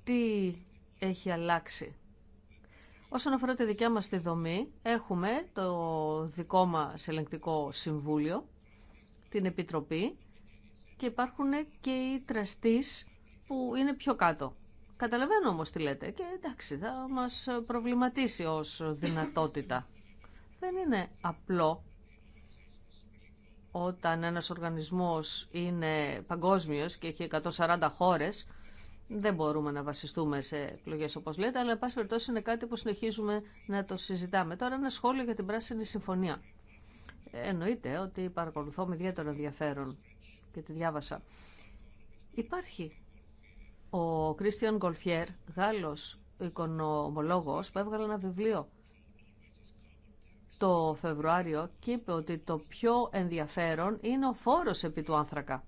Τι έχει αλλάξει. Όσον αφορά τη δικιά μας τη δομή, έχουμε το δικό μας ελεγκτικό συμβούλιο, την Επιτροπή και υπάρχουν και οι τραστείς που είναι πιο κάτω. Καταλαβαίνω όμως τι λέτε και εντάξει θα μας προβληματίσει ως δυνατότητα. Δεν είναι απλό όταν ένας οργανισμός είναι παγκόσμιος και έχει 140 χώρες, δεν μπορούμε να βασιστούμε σε εκλογέ όπως λέτε, αλλά πάση περιπτώσει είναι κάτι που συνεχίζουμε να το συζητάμε. Τώρα ένα σχόλιο για την Πράσινη Συμφωνία. Εννοείται ότι παρακολουθώ με ιδιαίτερο ενδιαφέρον και τη διάβασα. Υπάρχει ο Κρίστιαν Γκολφιέρ, Γάλλος οικονομολόγος, που έβγαλε ένα βιβλίο το Φεβρουάριο και είπε ότι το πιο ενδιαφέρον είναι ο φόρος επί του άνθρακα.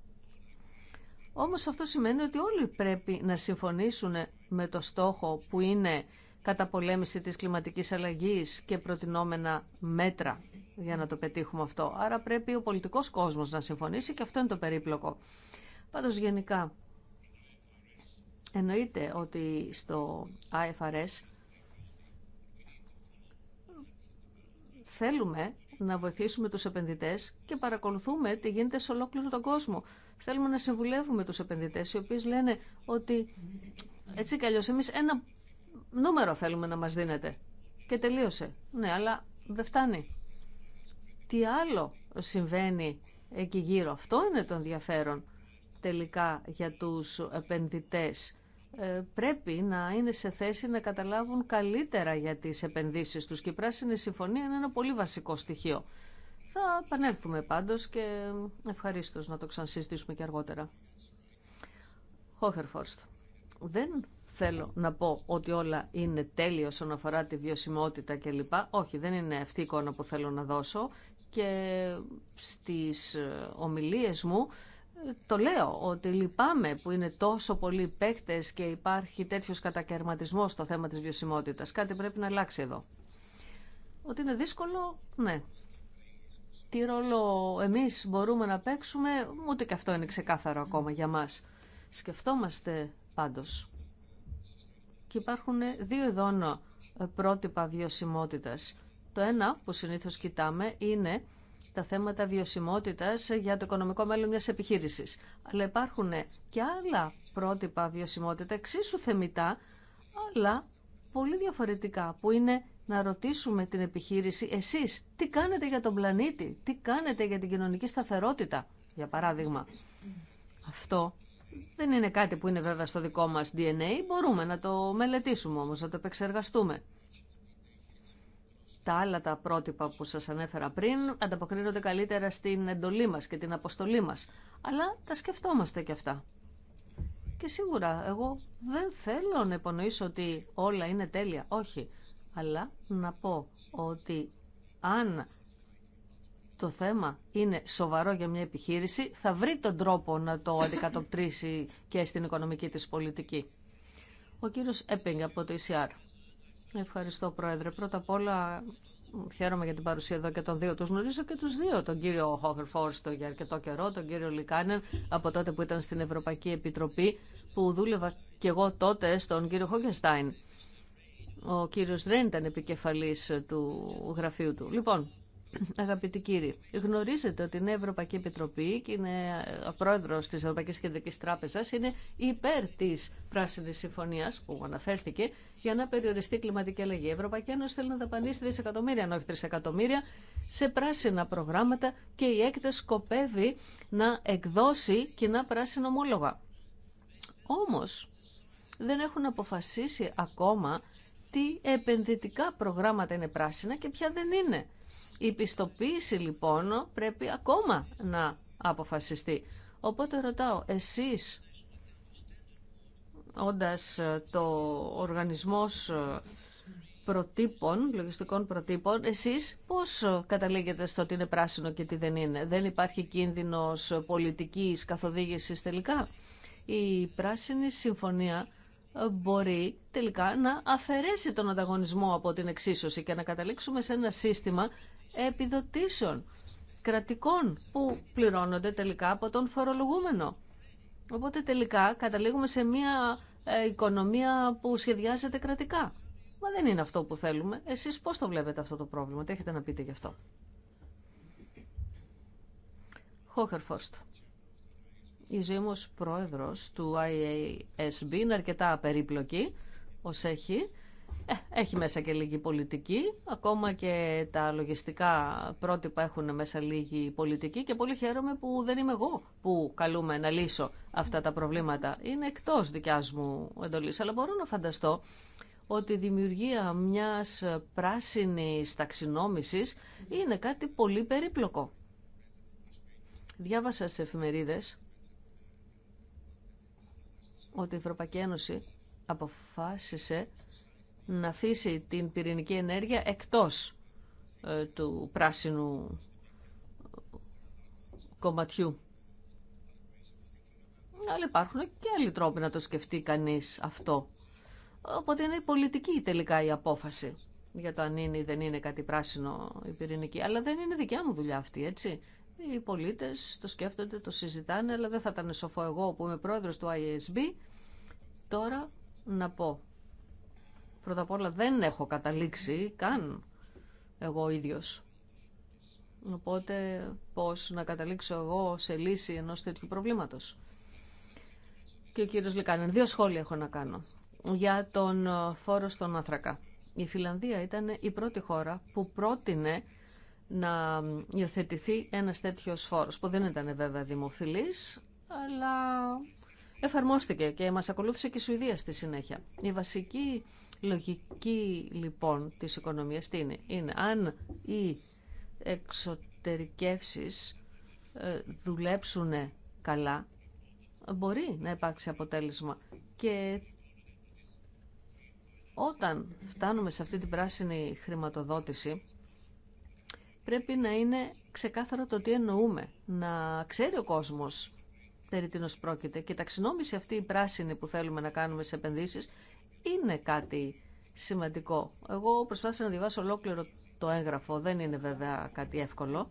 Όμως αυτό σημαίνει ότι όλοι πρέπει να συμφωνήσουν με το στόχο που είναι καταπολέμηση της κλιματικής αλλαγής και προτινόμενα μέτρα για να το πετύχουμε αυτό. Άρα πρέπει ο πολιτικός κόσμος να συμφωνήσει και αυτό είναι το περίπλοκο. Πάντως γενικά, εννοείται ότι στο IFRS Θέλουμε να βοηθήσουμε τους επενδυτές και παρακολουθούμε τι γίνεται σε ολόκληρο τον κόσμο. Θέλουμε να συμβουλεύουμε τους επενδυτές, οι οποίοι λένε ότι έτσι κι αλλιώς εμείς ένα νούμερο θέλουμε να μας δίνετε. Και τελείωσε. Ναι, αλλά δεν φτάνει. Τι άλλο συμβαίνει εκεί γύρω. Αυτό είναι το ενδιαφέρον τελικά για τους επενδυτές ε, πρέπει να είναι σε θέση να καταλάβουν καλύτερα για τις επενδύσεις τους και η Πράσινη Συμφωνία είναι ένα πολύ βασικό στοιχείο. Θα επανέλθουμε πάντως και ευχαρίστω να το ξανασύστησουμε και αργότερα. Χόχερφόρστ. Δεν θέλω να πω ότι όλα είναι τέλειο όσον αφορά τη βιωσιμότητα κλπ. Όχι, δεν είναι αυτή η εικόνα που θέλω να δώσω και στις ομιλίες μου το λέω ότι λυπάμαι που είναι τόσο πολλοί παίκτες και υπάρχει τέτοιο κατακαιρματισμό στο θέμα της βιωσιμότητα. Κάτι πρέπει να αλλάξει εδώ. Ότι είναι δύσκολο, ναι. Τι ρόλο εμείς μπορούμε να παίξουμε, ούτε και αυτό είναι ξεκάθαρο ακόμα για μας. Σκεφτόμαστε πάντως. Και υπάρχουν δύο ειδών ε, πρότυπα βιωσιμότητα. Το ένα που συνήθω κοιτάμε είναι τα θέματα βιωσιμότητας για το οικονομικό μέλλον μιας επιχείρησης. Αλλά υπάρχουν και άλλα πρότυπα βιωσιμότητα εξίσου θεμητά, αλλά πολύ διαφορετικά, που είναι να ρωτήσουμε την επιχείρηση εσείς τι κάνετε για τον πλανήτη, τι κάνετε για την κοινωνική σταθερότητα, για παράδειγμα. Αυτό δεν είναι κάτι που είναι βέβαια στο δικό μας DNA, μπορούμε να το μελετήσουμε όμως, να το επεξεργαστούμε τα άλλα τα πρότυπα που σας ανέφερα πριν ανταποκρίνονται καλύτερα στην εντολή μας και την αποστολή μας. Αλλά τα σκεφτόμαστε και αυτά. Και σίγουρα εγώ δεν θέλω να υπονοήσω ότι όλα είναι τέλεια. Όχι. Αλλά να πω ότι αν το θέμα είναι σοβαρό για μια επιχείρηση, θα βρει τον τρόπο να το αντικατοπτρίσει και στην οικονομική της πολιτική. Ο κύριος Έπινγκ από το ECR. Ευχαριστώ Πρόεδρε. Πρώτα απ' όλα χαίρομαι για την παρουσία εδώ και των δύο. του γνωρίζω και του δύο, τον κύριο Φόρστο για αρκετό καιρό, τον κύριο Λικάνεν από τότε που ήταν στην Ευρωπαϊκή Επιτροπή που δούλευα και εγώ τότε στον κύριο Χόγκενστάιν. Ο κύριος Ρέν ήταν επικεφαλής του γραφείου του. Λοιπόν, Αγαπητοί κύριοι, γνωρίζετε ότι η Ευρωπαϊκή Επιτροπή και είναι ο πρόεδρο τη Ευρωπαϊκή Κεντρική Τράπεζα είναι υπέρ τη πράσινη συμφωνία που αναφέρθηκε για να περιοριστεί η κλιματική αλλαγή. Η Ευρωπαϊκή Ένωση θέλει να δαπανίσει δισεκατομμύρια, αν όχι τρισεκατομμύρια, σε πράσινα προγράμματα και η ΕΚΤΕ σκοπεύει να εκδώσει κοινά πράσινα ομόλογα. Όμω δεν έχουν αποφασίσει ακόμα τι επενδυτικά προγράμματα είναι πράσινα και ποια δεν είναι. Η πιστοποίηση λοιπόν πρέπει ακόμα να αποφασιστεί. Οπότε ρωτάω, εσείς όντας ε, το οργανισμός ε, προτύπων, λογιστικών προτύπων, εσείς πώς ε, καταλήγετε στο ότι είναι πράσινο και τι δεν είναι. Δεν υπάρχει κίνδυνος πολιτικής καθοδήγησης τελικά. Η πράσινη συμφωνία μπορεί τελικά να αφαιρέσει τον ανταγωνισμό από την εξίσωση και να καταλήξουμε σε ένα σύστημα επιδοτήσεων κρατικών που πληρώνονται τελικά από τον φορολογούμενο. Οπότε τελικά καταλήγουμε σε μια ε, οικονομία που σχεδιάζεται κρατικά. Μα δεν είναι αυτό που θέλουμε. Εσείς πώς το βλέπετε αυτό το πρόβλημα, τι έχετε να πείτε γι' αυτό. Χόχερφόστ. Η ζωή πρόεδρος του IASB είναι αρκετά περίπλοκη ως έχει ε, έχει μέσα και λίγη πολιτική, ακόμα και τα λογιστικά πρότυπα έχουν μέσα λίγη πολιτική και πολύ χαίρομαι που δεν είμαι εγώ που καλούμε να λύσω αυτά τα προβλήματα. Είναι εκτός δικιά μου εντολής, αλλά μπορώ να φανταστώ ότι η δημιουργία μιας πράσινης ταξινόμησης είναι κάτι πολύ περίπλοκο. Διάβασα σε εφημερίδες ότι η Ευρωπαϊκή Ένωση αποφάσισε να αφήσει την πυρηνική ενέργεια εκτός ε, του πράσινου κομματιού. Αλλά υπάρχουν και άλλοι τρόποι να το σκεφτεί κανείς αυτό. Οπότε είναι πολιτική τελικά η απόφαση για το αν είναι ή δεν είναι κάτι πράσινο η πυρηνική. Αλλά δεν είναι δικιά μου δουλειά αυτή, έτσι. Οι πολίτες το σκέφτονται, το συζητάνε, αλλά δεν θα ήταν σοφό εγώ που είμαι πρόεδρος του ISB τώρα να πω Πρώτα απ' όλα δεν έχω καταλήξει καν εγώ ίδιος. Οπότε πώς να καταλήξω εγώ σε λύση ενός τέτοιου προβλήματος. Και ο κύριος Λικάνεν, δύο σχόλια έχω να κάνω για τον ε, φόρο στον Ανθρακά. Η Φιλανδία ήταν η πρώτη χώρα που πρότεινε να υιοθετηθεί ένας τέτοιος φόρος, που δεν ήταν βέβαια δημοφιλής, αλλά εφαρμόστηκε και μας ακολούθησε και η Σουηδία στη συνέχεια. Η βασική λογική λοιπόν της οικονομίας τι είναι. Είναι αν οι εξωτερικεύσεις ε, δουλέψουν καλά, μπορεί να υπάρξει αποτέλεσμα. Και όταν φτάνουμε σε αυτή την πράσινη χρηματοδότηση, πρέπει να είναι ξεκάθαρο το τι εννοούμε. Να ξέρει ο κόσμος περί τίνος πρόκειται. Και ταξινόμηση αυτή η πράσινη που θέλουμε να κάνουμε σε επενδύσεις είναι κάτι σημαντικό. Εγώ προσπάθησα να διαβάσω ολόκληρο το έγγραφο, δεν είναι βέβαια κάτι εύκολο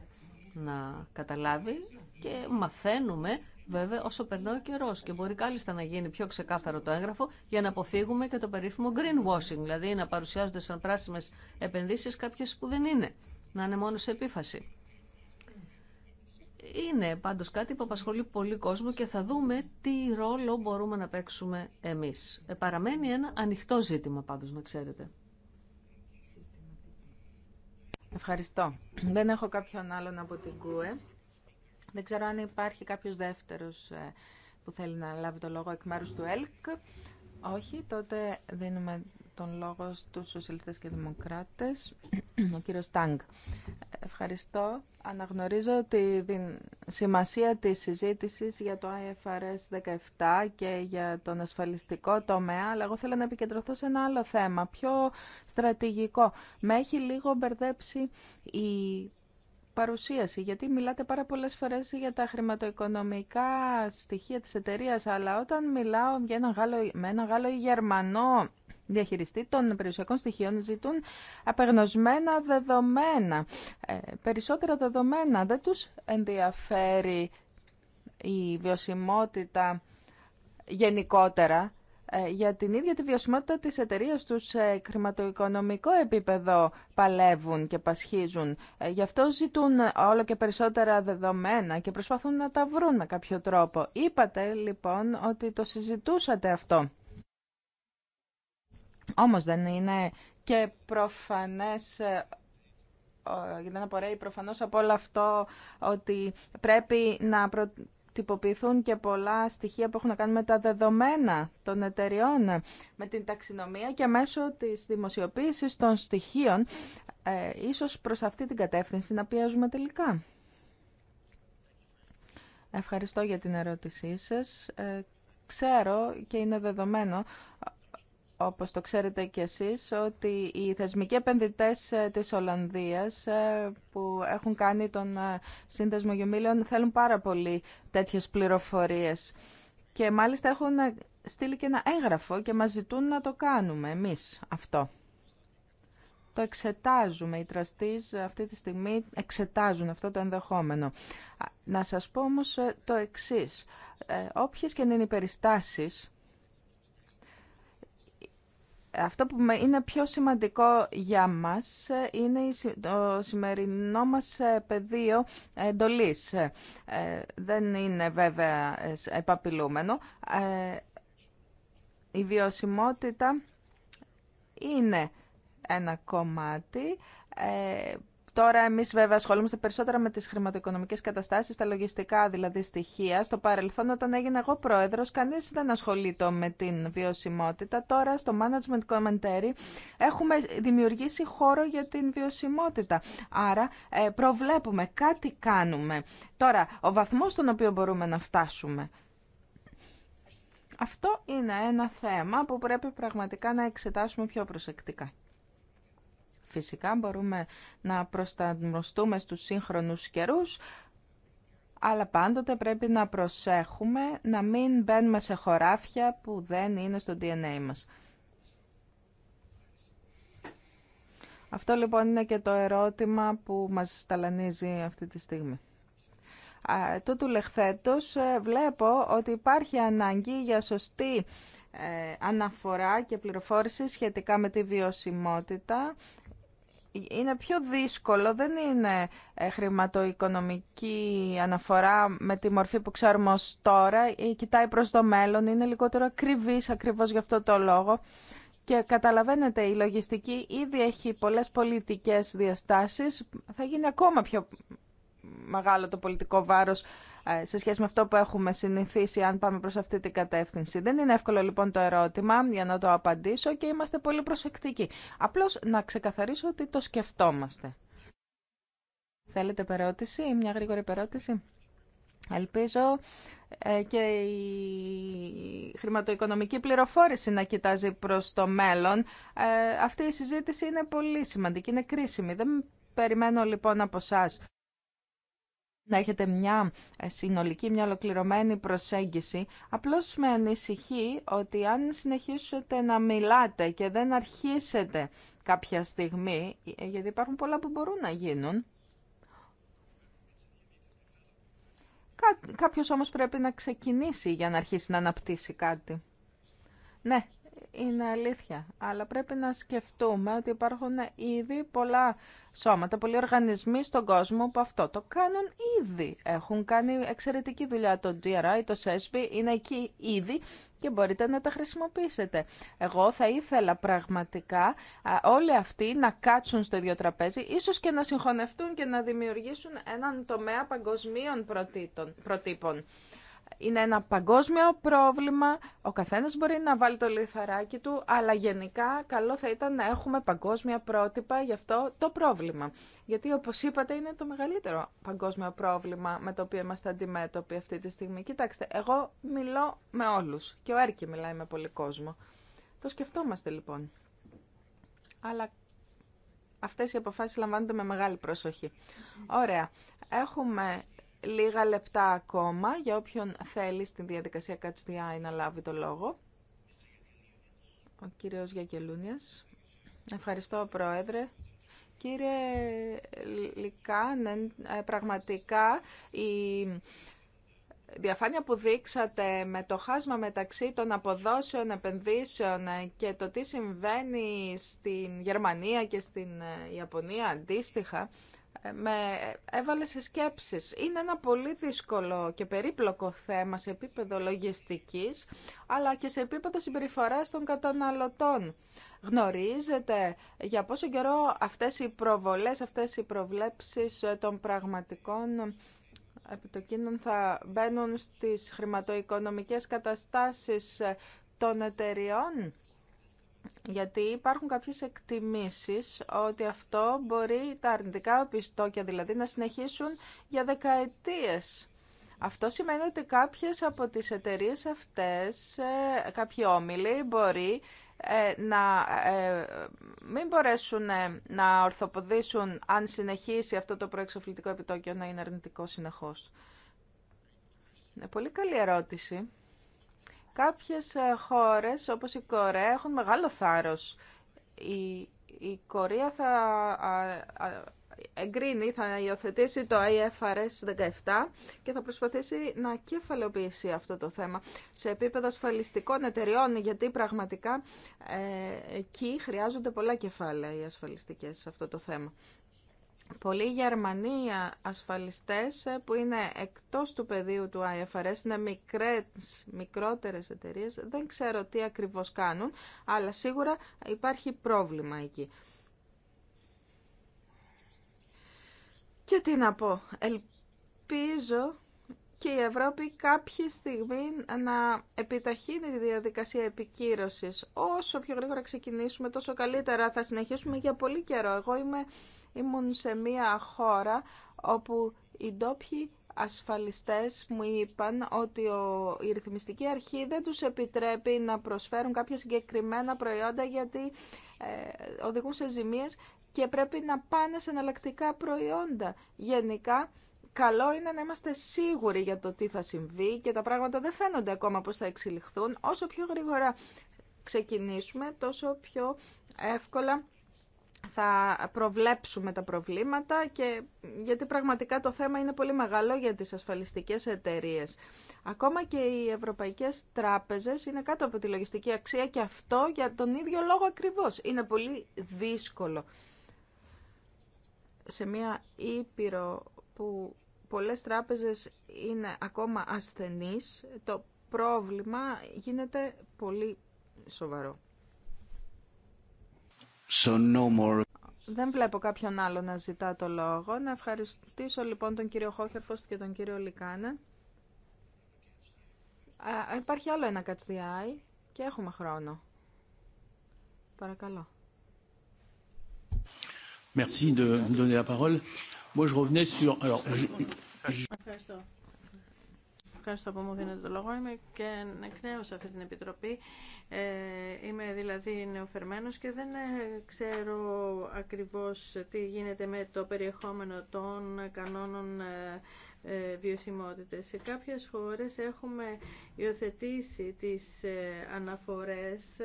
να καταλάβει και μαθαίνουμε βέβαια όσο περνάει ο καιρό και μπορεί κάλλιστα να γίνει πιο ξεκάθαρο το έγγραφο για να αποφύγουμε και το περίφημο greenwashing, δηλαδή να παρουσιάζονται σαν πράσιμες επενδύσει κάποιε που δεν είναι, να είναι μόνο σε επίφαση. Είναι πάντως κάτι που απασχολεί πολύ κόσμο και θα δούμε τι ρόλο μπορούμε να παίξουμε εμείς. Ε, παραμένει ένα ανοιχτό ζήτημα πάντως, να ξέρετε. Ευχαριστώ. Δεν έχω κάποιον άλλον από την ΚΟΕ. Δεν ξέρω αν υπάρχει κάποιος δεύτερος ε, που θέλει να λάβει το λόγο εκ μέρους του ΕΛΚ. Όχι, τότε δίνουμε τον λόγο στους σοσιαλιστές και δημοκράτες, ο κύριος Τάγκ. Ευχαριστώ. Αναγνωρίζω τη σημασία της συζήτησης για το IFRS 17 και για τον ασφαλιστικό τομέα, αλλά εγώ θέλω να επικεντρωθώ σε ένα άλλο θέμα, πιο στρατηγικό. Με έχει λίγο μπερδέψει η παρουσίαση, γιατί μιλάτε πάρα πολλές φορές για τα χρηματοοικονομικά στοιχεία της εταιρείας, αλλά όταν μιλάω για ένα Γάλλο, με έναν Γάλλο ή Γερμανό διαχειριστή των περιουσιακών στοιχείων ζητούν απεγνωσμένα δεδομένα, ε, περισσότερα δεδομένα. Δεν τους ενδιαφέρει η βιωσιμότητα γενικότερα. Ε, για την ίδια τη βιωσιμότητα της εταιρεία του σε κρηματοοικονομικό επίπεδο παλεύουν και πασχίζουν. Ε, γι' αυτό ζητούν ε, όλο και περισσότερα δεδομένα και προσπαθούν να τα βρουν με κάποιο τρόπο. Είπατε λοιπόν ότι το συζητούσατε αυτό. Όμως δεν είναι και προφανές δεν απορρέει προφανώς από όλο αυτό ότι πρέπει να τυποποιηθούν και πολλά στοιχεία που έχουν να κάνουν με τα δεδομένα των εταιριών, με την ταξινομία και μέσω της δημοσιοποίησης των στοιχείων, ε, ίσως προς αυτή την κατεύθυνση να πιέζουμε τελικά. Ευχαριστώ για την ερώτησή σας. Ε, ξέρω και είναι δεδομένο όπως το ξέρετε κι εσείς, ότι οι θεσμικοί επενδυτές ε, της Ολλανδίας ε, που έχουν κάνει τον ε, σύνδεσμο γεωμήλων θέλουν πάρα πολύ τέτοιες πληροφορίες. Και μάλιστα έχουν στείλει και ένα έγγραφο και μας ζητούν να το κάνουμε εμείς αυτό. Το εξετάζουμε. Οι τραστείς αυτή τη στιγμή εξετάζουν αυτό το ενδεχόμενο. Να σας πω όμως το εξής. Όποιες και είναι οι περιστάσεις αυτό που είναι πιο σημαντικό για μας ε, είναι το σημερινό μας ε, πεδίο εντολής. Ε, δεν είναι βέβαια επαπειλούμενο. Η βιωσιμότητα είναι ένα κομμάτι Τώρα εμείς βέβαια ασχολούμαστε περισσότερα με τις χρηματοοικονομικές καταστάσεις, τα λογιστικά δηλαδή στοιχεία. Στο παρελθόν όταν έγινε εγώ πρόεδρος κανείς δεν ασχολείται με την βιωσιμότητα. Τώρα στο Management Commentary έχουμε δημιουργήσει χώρο για την βιωσιμότητα. Άρα ε, προβλέπουμε, κάτι κάνουμε. Τώρα ο βαθμός στον οποίο μπορούμε να φτάσουμε. Αυτό είναι ένα θέμα που πρέπει πραγματικά να εξετάσουμε πιο προσεκτικά. Φυσικά μπορούμε να προστατευτούμε στους σύγχρονους καιρούς, αλλά πάντοτε πρέπει να προσέχουμε να μην μπαίνουμε σε χωράφια που δεν είναι στο DNA μας. Αυτό λοιπόν είναι και το ερώτημα που μας ταλανίζει αυτή τη στιγμή. Το του λεχθέτος ε, βλέπω ότι υπάρχει ανάγκη για σωστή ε, αναφορά και πληροφόρηση σχετικά με τη βιωσιμότητα είναι πιο δύσκολο, δεν είναι ε, χρηματοοικονομική αναφορά με τη μορφή που ξέρουμε ως τώρα, ε, κοιτάει προς το μέλλον, είναι λιγότερο ακριβής ακριβώς γι' αυτό το λόγο. Και καταλαβαίνετε, η λογιστική ήδη έχει πολλές πολιτικές διαστάσεις, θα γίνει ακόμα πιο μεγάλο το πολιτικό βάρος ε, σε σχέση με αυτό που έχουμε συνηθίσει αν πάμε προς αυτή την κατεύθυνση. Δεν είναι εύκολο λοιπόν το ερώτημα για να το απαντήσω και είμαστε πολύ προσεκτικοί. Απλώς να ξεκαθαρίσω ότι το σκεφτόμαστε. Θέλετε περώτηση ή μια γρήγορη περώτηση. Ελπίζω ε, και η χρηματοοικονομική πληροφόρηση να κοιτάζει προς το μέλλον. Ε, αυτή η συζήτηση είναι πολύ σημαντική, είναι κρίσιμη. Δεν περιμένω λοιπόν από εσά να έχετε μια ε, συνολική, μια ολοκληρωμένη προσέγγιση. Απλώς με ανησυχεί ότι αν συνεχίσετε να μιλάτε και δεν αρχίσετε κάποια στιγμή, ε, γιατί υπάρχουν πολλά που μπορούν να γίνουν, Κάποιος όμως πρέπει να ξεκινήσει για να αρχίσει να αναπτύσσει κάτι. Ναι, είναι αλήθεια. Αλλά πρέπει να σκεφτούμε ότι υπάρχουν ήδη πολλά σώματα, πολλοί οργανισμοί στον κόσμο που αυτό το κάνουν ήδη. Έχουν κάνει εξαιρετική δουλειά το GRI, το SESB, είναι εκεί ήδη και μπορείτε να τα χρησιμοποιήσετε. Εγώ θα ήθελα πραγματικά όλοι αυτοί να κάτσουν στο ίδιο τραπέζι, ίσως και να συγχωνευτούν και να δημιουργήσουν έναν τομέα παγκοσμίων προτύπων είναι ένα παγκόσμιο πρόβλημα, ο καθένας μπορεί να βάλει το λιθαράκι του, αλλά γενικά καλό θα ήταν να έχουμε παγκόσμια πρότυπα για αυτό το πρόβλημα. Γιατί όπως είπατε είναι το μεγαλύτερο παγκόσμιο πρόβλημα με το οποίο είμαστε αντιμέτωποι αυτή τη στιγμή. Κοιτάξτε, εγώ μιλώ με όλους και ο Έρκη μιλάει με πολύ κόσμο. Το σκεφτόμαστε λοιπόν. Αλλά αυτές οι αποφάσεις λαμβάνονται με μεγάλη προσοχή. Ωραία. Έχουμε λίγα λεπτά ακόμα για όποιον θέλει στην διαδικασία Κατστιάη να λάβει το λόγο. Ο κύριος Γιακελούνιας. Ευχαριστώ, Πρόεδρε. Κύριε Λικάνεν, ε, πραγματικά η διαφάνεια που δείξατε με το χάσμα μεταξύ των αποδόσεων επενδύσεων ε, και το τι συμβαίνει στην Γερμανία και στην ε, Ιαπωνία αντίστοιχα με έβαλε σε σκέψεις. Είναι ένα πολύ δύσκολο και περίπλοκο θέμα σε επίπεδο λογιστικής, αλλά και σε επίπεδο συμπεριφοράς των καταναλωτών. Γνωρίζετε για πόσο καιρό αυτές οι προβολές, αυτές οι προβλέψεις των πραγματικών επιτοκίνων θα μπαίνουν στις χρηματοοικονομικές καταστάσεις των εταιριών γιατί υπάρχουν κάποιες εκτιμήσεις ότι αυτό μπορεί τα αρνητικά πιστόκια δηλαδή να συνεχίσουν για δεκαετίες. Αυτό σημαίνει ότι κάποιες από τις εταιρείες αυτές, ε, κάποιοι όμιλοι μπορεί ε, να ε, μην μπορέσουν να ορθοποδήσουν αν συνεχίσει αυτό το προεξοφλητικό επιτόκιο να είναι αρνητικό συνεχώς. Είναι πολύ καλή ερώτηση. Κάποιες ε, χώρες όπως η Κορέα έχουν μεγάλο θάρρος. Η, η Κορέα θα εγκρίνει, θα υιοθετήσει το IFRS 17 και θα προσπαθήσει να κεφαλοποιήσει αυτό το θέμα σε επίπεδο ασφαλιστικών εταιριών, γιατί πραγματικά ε, εκεί χρειάζονται πολλά κεφάλαια οι ασφαλιστικές σε αυτό το θέμα πολλοί Γερμανοί ασφαλιστές ε, που είναι εκτός του πεδίου του IFRS, είναι μικρές, μικρότερες εταιρείες, δεν ξέρω τι ακριβώς κάνουν, αλλά σίγουρα υπάρχει πρόβλημα εκεί. Και τι να πω, ελπίζω και η Ευρώπη κάποια στιγμή να επιταχύνει τη διαδικασία επικύρωσης. Όσο πιο γρήγορα ξεκινήσουμε, τόσο καλύτερα θα συνεχίσουμε για πολύ καιρό. Εγώ είμαι Ήμουν σε μία χώρα όπου οι ντόπιοι ασφαλιστές μου είπαν ότι ο, η ρυθμιστική αρχή δεν τους επιτρέπει να προσφέρουν κάποια συγκεκριμένα προϊόντα γιατί ε, οδηγούν σε ζημίες και πρέπει να πάνε σε εναλλακτικά προϊόντα. Γενικά, καλό είναι να είμαστε σίγουροι για το τι θα συμβεί και τα πράγματα δεν φαίνονται ακόμα πώς θα εξελιχθούν. Όσο πιο γρήγορα ξεκινήσουμε, τόσο πιο εύκολα θα προβλέψουμε τα προβλήματα και γιατί πραγματικά το θέμα είναι πολύ μεγάλο για τις ασφαλιστικές εταιρείες. Ακόμα και οι ευρωπαϊκές τράπεζες είναι κάτω από τη λογιστική αξία και αυτό για τον ίδιο λόγο ακριβώς. Είναι πολύ δύσκολο. Σε μια ήπειρο που πολλές τράπεζες είναι ακόμα ασθενείς, το πρόβλημα γίνεται πολύ σοβαρό. So no more... Δεν βλέπω κάποιον άλλο να ζητά το λόγο. Να ευχαριστήσω λοιπόν τον κύριο Χόχερφος και τον κύριο Λικάνε. υπάρχει άλλο ένα κατσδιάι και έχουμε χρόνο. Παρακαλώ. Merci de me donner la parole. Moi, je revenais sur... Alors, je... Ευχαριστώ. Ευχαριστώ που μου δίνετε το λόγο. Είμαι και εκ νέου σε αυτή την επιτροπή. Ε, είμαι δηλαδή νεοφερμένος και δεν ε, ξέρω ακριβώς τι γίνεται με το περιεχόμενο των κανόνων ε, βιωσιμότητες. Σε κάποιες χώρες έχουμε υιοθετήσει τις αναφορές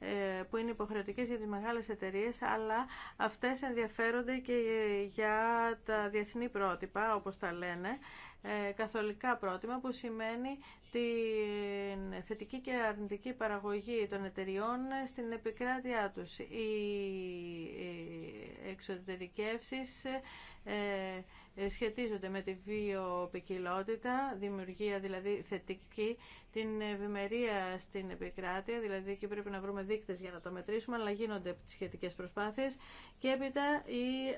ε, που είναι υποχρεωτικές για τις μεγάλες εταιρείες, αλλά αυτές ενδιαφέρονται και για τα διεθνή πρότυπα, όπως τα λένε, ε, καθολικά πρότυπα, που σημαίνει την θετική και αρνητική παραγωγή των εταιριών στην επικράτειά τους. Οι εξωτερικεύσεις ε, ε, σχετίζονται με τη βιοπικιλότητα, δημιουργία δηλαδή θετική, την ευημερία στην επικράτεια, δηλαδή εκεί πρέπει να βρούμε δείκτες για να το μετρήσουμε, αλλά γίνονται σχετικές προσπάθειες και έπειτα η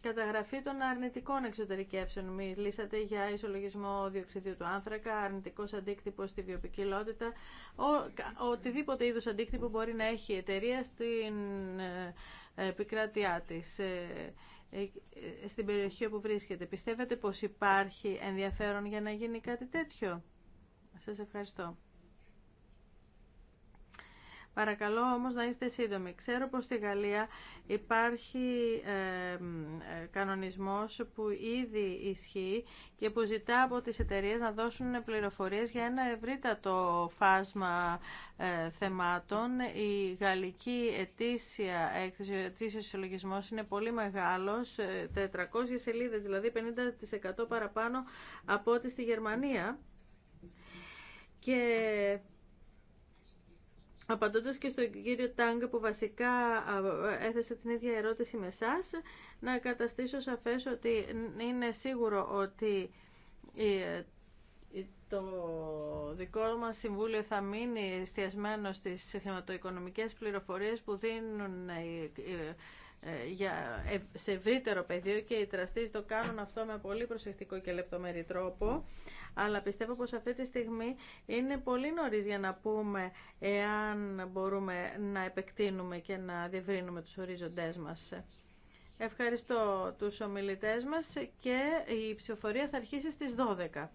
καταγραφή των αρνητικών εξωτερικεύσεων. Μιλήσατε για ισολογισμό διοξιδίου του άνθρακα, αρνητικός αντίκτυπος στη βιοπικιλότητα, ο, οτιδήποτε είδους αντίκτυπο μπορεί να έχει η εταιρεία στην ε, επικράτειά της. Ε, ε, στην περιοχή όπου βρίσκεται. Πιστεύετε πως υπάρχει ενδιαφέρον για να γίνει κάτι τέτοιο. Σας ευχαριστώ. Παρακαλώ όμως να είστε σύντομοι. Ξέρω πως στη Γαλλία υπάρχει ε, κανονισμός που ήδη ισχύει και που ζητά από τις εταιρείες να δώσουν πληροφορίες για ένα ευρύτατο φάσμα ε, θεμάτων. Η γαλλική ετήσια έκθεση, ο συλλογισμός είναι πολύ μεγάλος, 400 ε, σελίδες, δηλαδή 50% παραπάνω από ό,τι στη Γερμανία. Και Απαντώντα και στον κύριο Τάγκ που βασικά έθεσε την ίδια ερώτηση με εσά, να καταστήσω σαφές ότι είναι σίγουρο ότι ε, το δικό μα Συμβούλιο θα μείνει εστιασμένο στις χρηματοοικονομικές πληροφορίες που δίνουν ε, ε, ε, για, ε, σε ευρύτερο πεδίο και οι τραστείς το κάνουν αυτό με πολύ προσεκτικό και λεπτομερή τρόπο αλλά πιστεύω πως αυτή τη στιγμή είναι πολύ νωρίς για να πούμε εάν μπορούμε να επεκτείνουμε και να διευρύνουμε τους ορίζοντές μας. Ευχαριστώ τους ομιλητές μας και η ψηφοφορία θα αρχίσει στις 12.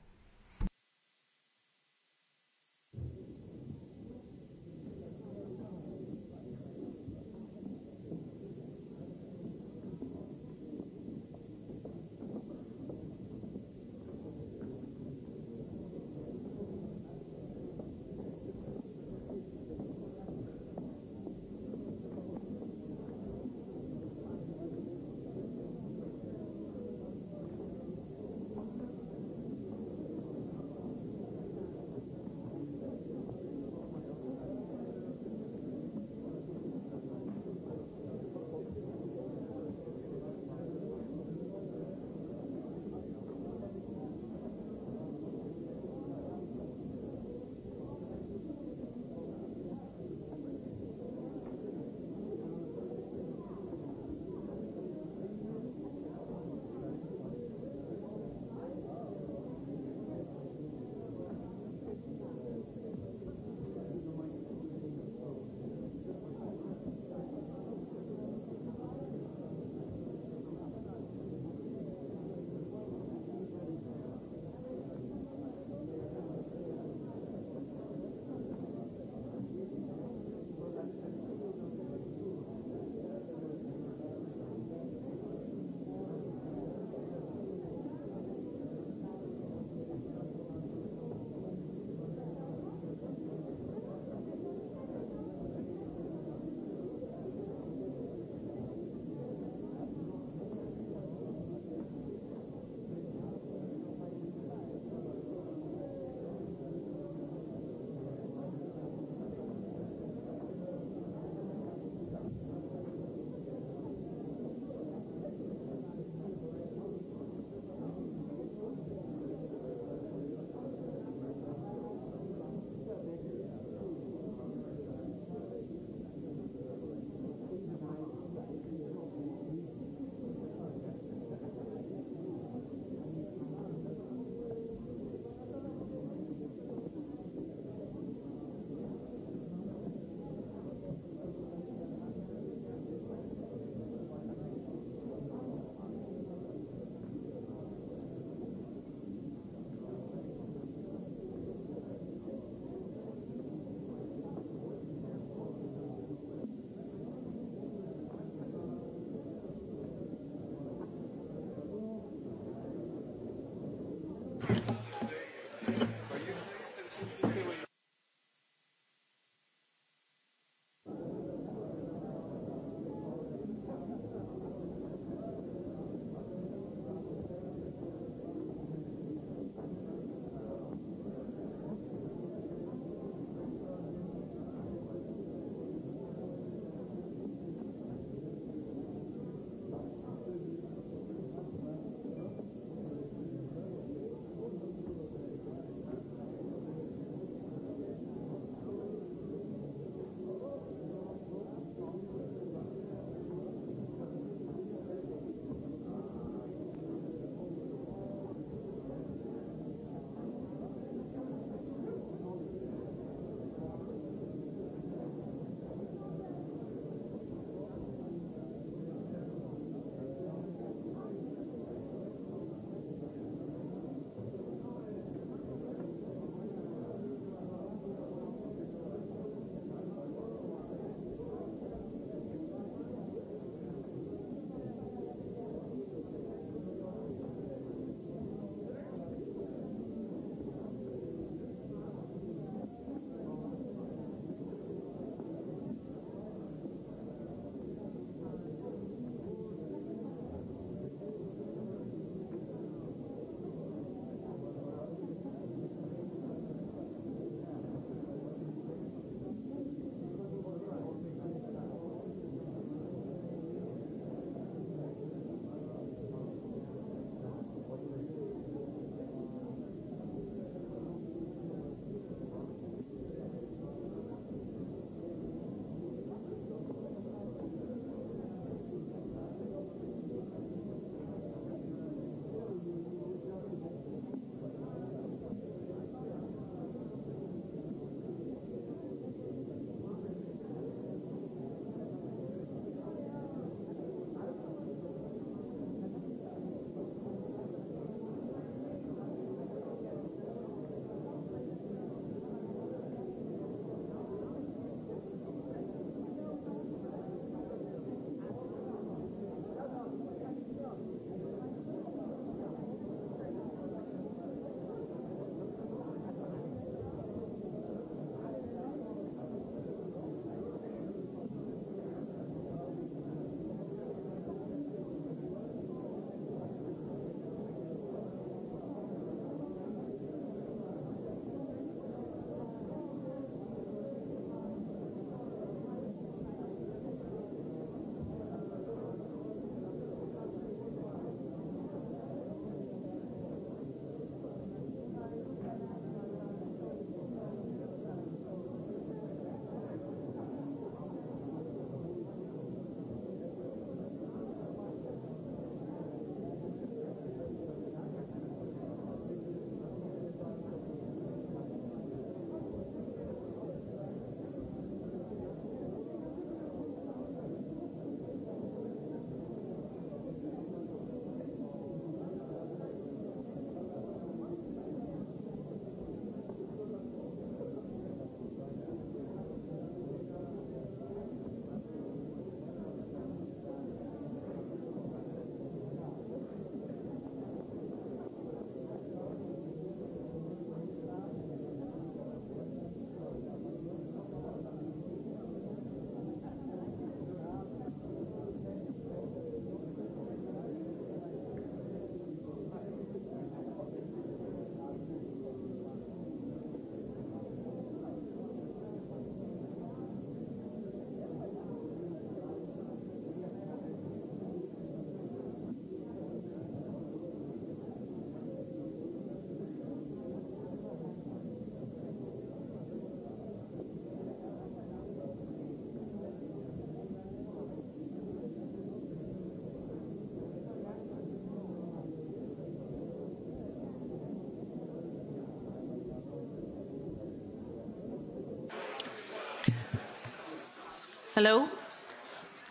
Hello.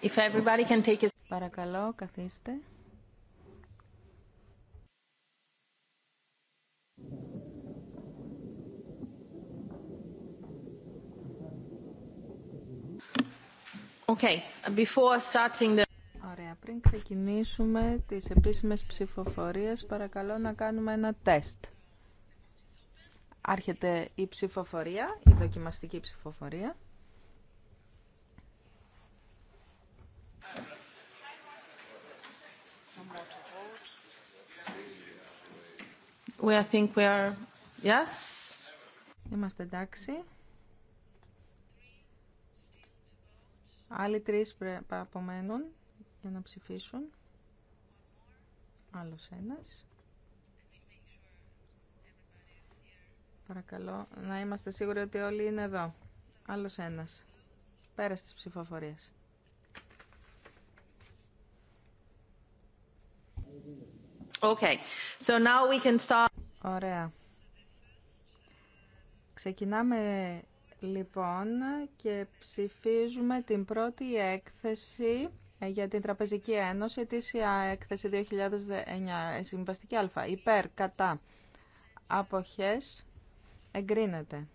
If everybody can take a... Παρακαλώ, καθίστε. Okay. Before starting the... Ωραία, πριν ξεκινήσουμε τις επίσημες ψηφοφορίες, παρακαλώ να κάνουμε ένα τεστ. Άρχεται η ψηφοφορία, η δοκιμαστική ψηφοφορία. We, think we are... Yes. Είμαστε εντάξει. Άλλοι τρεις απομένουν για να ψηφίσουν. Άλλος ένας. Παρακαλώ να είμαστε σίγουροι ότι όλοι είναι εδώ. Άλλος ένας. Πέρα στις ψηφοφορίες. Okay. So now we can start... Ωραία. Ξεκινάμε λοιπόν και ψηφίζουμε την πρώτη έκθεση ε, για την Τραπεζική Ένωση, ετήσια έκθεση 2009, ε, συμβαστική α, υπέρ, κατά, αποχές, εγκρίνεται.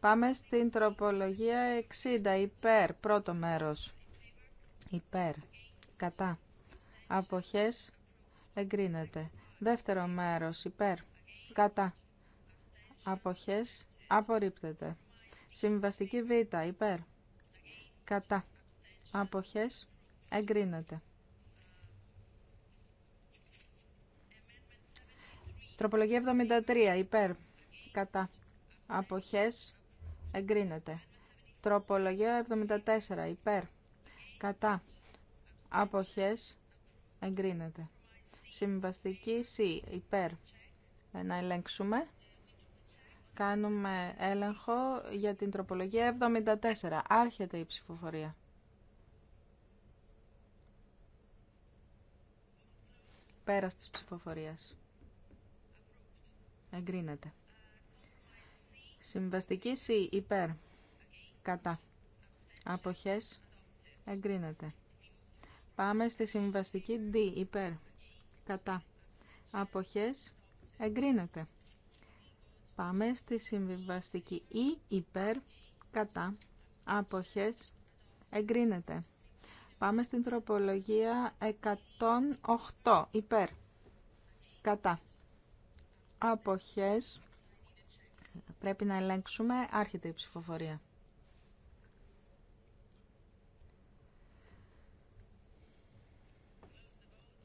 Πάμε στην τροπολογία 60, υπέρ, πρώτο μέρος, υπέρ, κατά, αποχές, εγκρίνεται. Δεύτερο μέρος υπέρ. Κατά. Αποχές απορρίπτεται. Συμβαστική Β υπέρ. Κατά. Αποχές εγκρίνεται. Τροπολογία 73 υπέρ. Κατά. Αποχές εγκρίνεται. Τροπολογία 74 υπέρ. Κατά. Αποχές εγκρίνεται. Συμβαστική C, υπέρ. Ε, να ελέγξουμε. Κάνουμε έλεγχο για την τροπολογία 74. Άρχεται η ψηφοφορία. Πέρας της ψηφοφορίας. Εγκρίνεται. Συμβαστική C, υπέρ. Κατά. Αποχές. Εγκρίνεται. Πάμε στη συμβαστική D, υπέρ κατά αποχές εγκρίνεται. Πάμε στη συμβιβαστική ή e, υπέρ κατά αποχές εγκρίνεται. Πάμε στην τροπολογία 108 υπέρ κατά αποχές πρέπει να ελέγξουμε άρχεται η ψηφοφορία.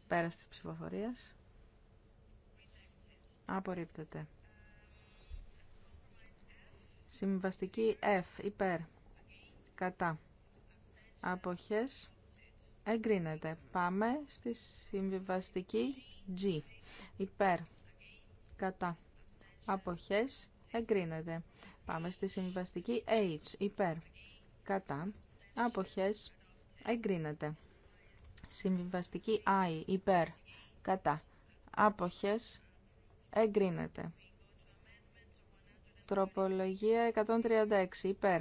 Πέρας της ψηφοφορίας. Απορρίπτεται. Συμβαστική F υπέρ. Κατά. Αποχές. Εγκρίνεται. Πάμε στη συμβιβαστική G. Υπέρ. Κατά. Αποχές. Εγκρίνεται. Πάμε στη συμβαστική H. Υπέρ. Κατά. Αποχές. Εγκρίνεται. Συμβιβαστική I υπέρ κατά άποχες εγκρίνεται. Τροπολογία 136 υπέρ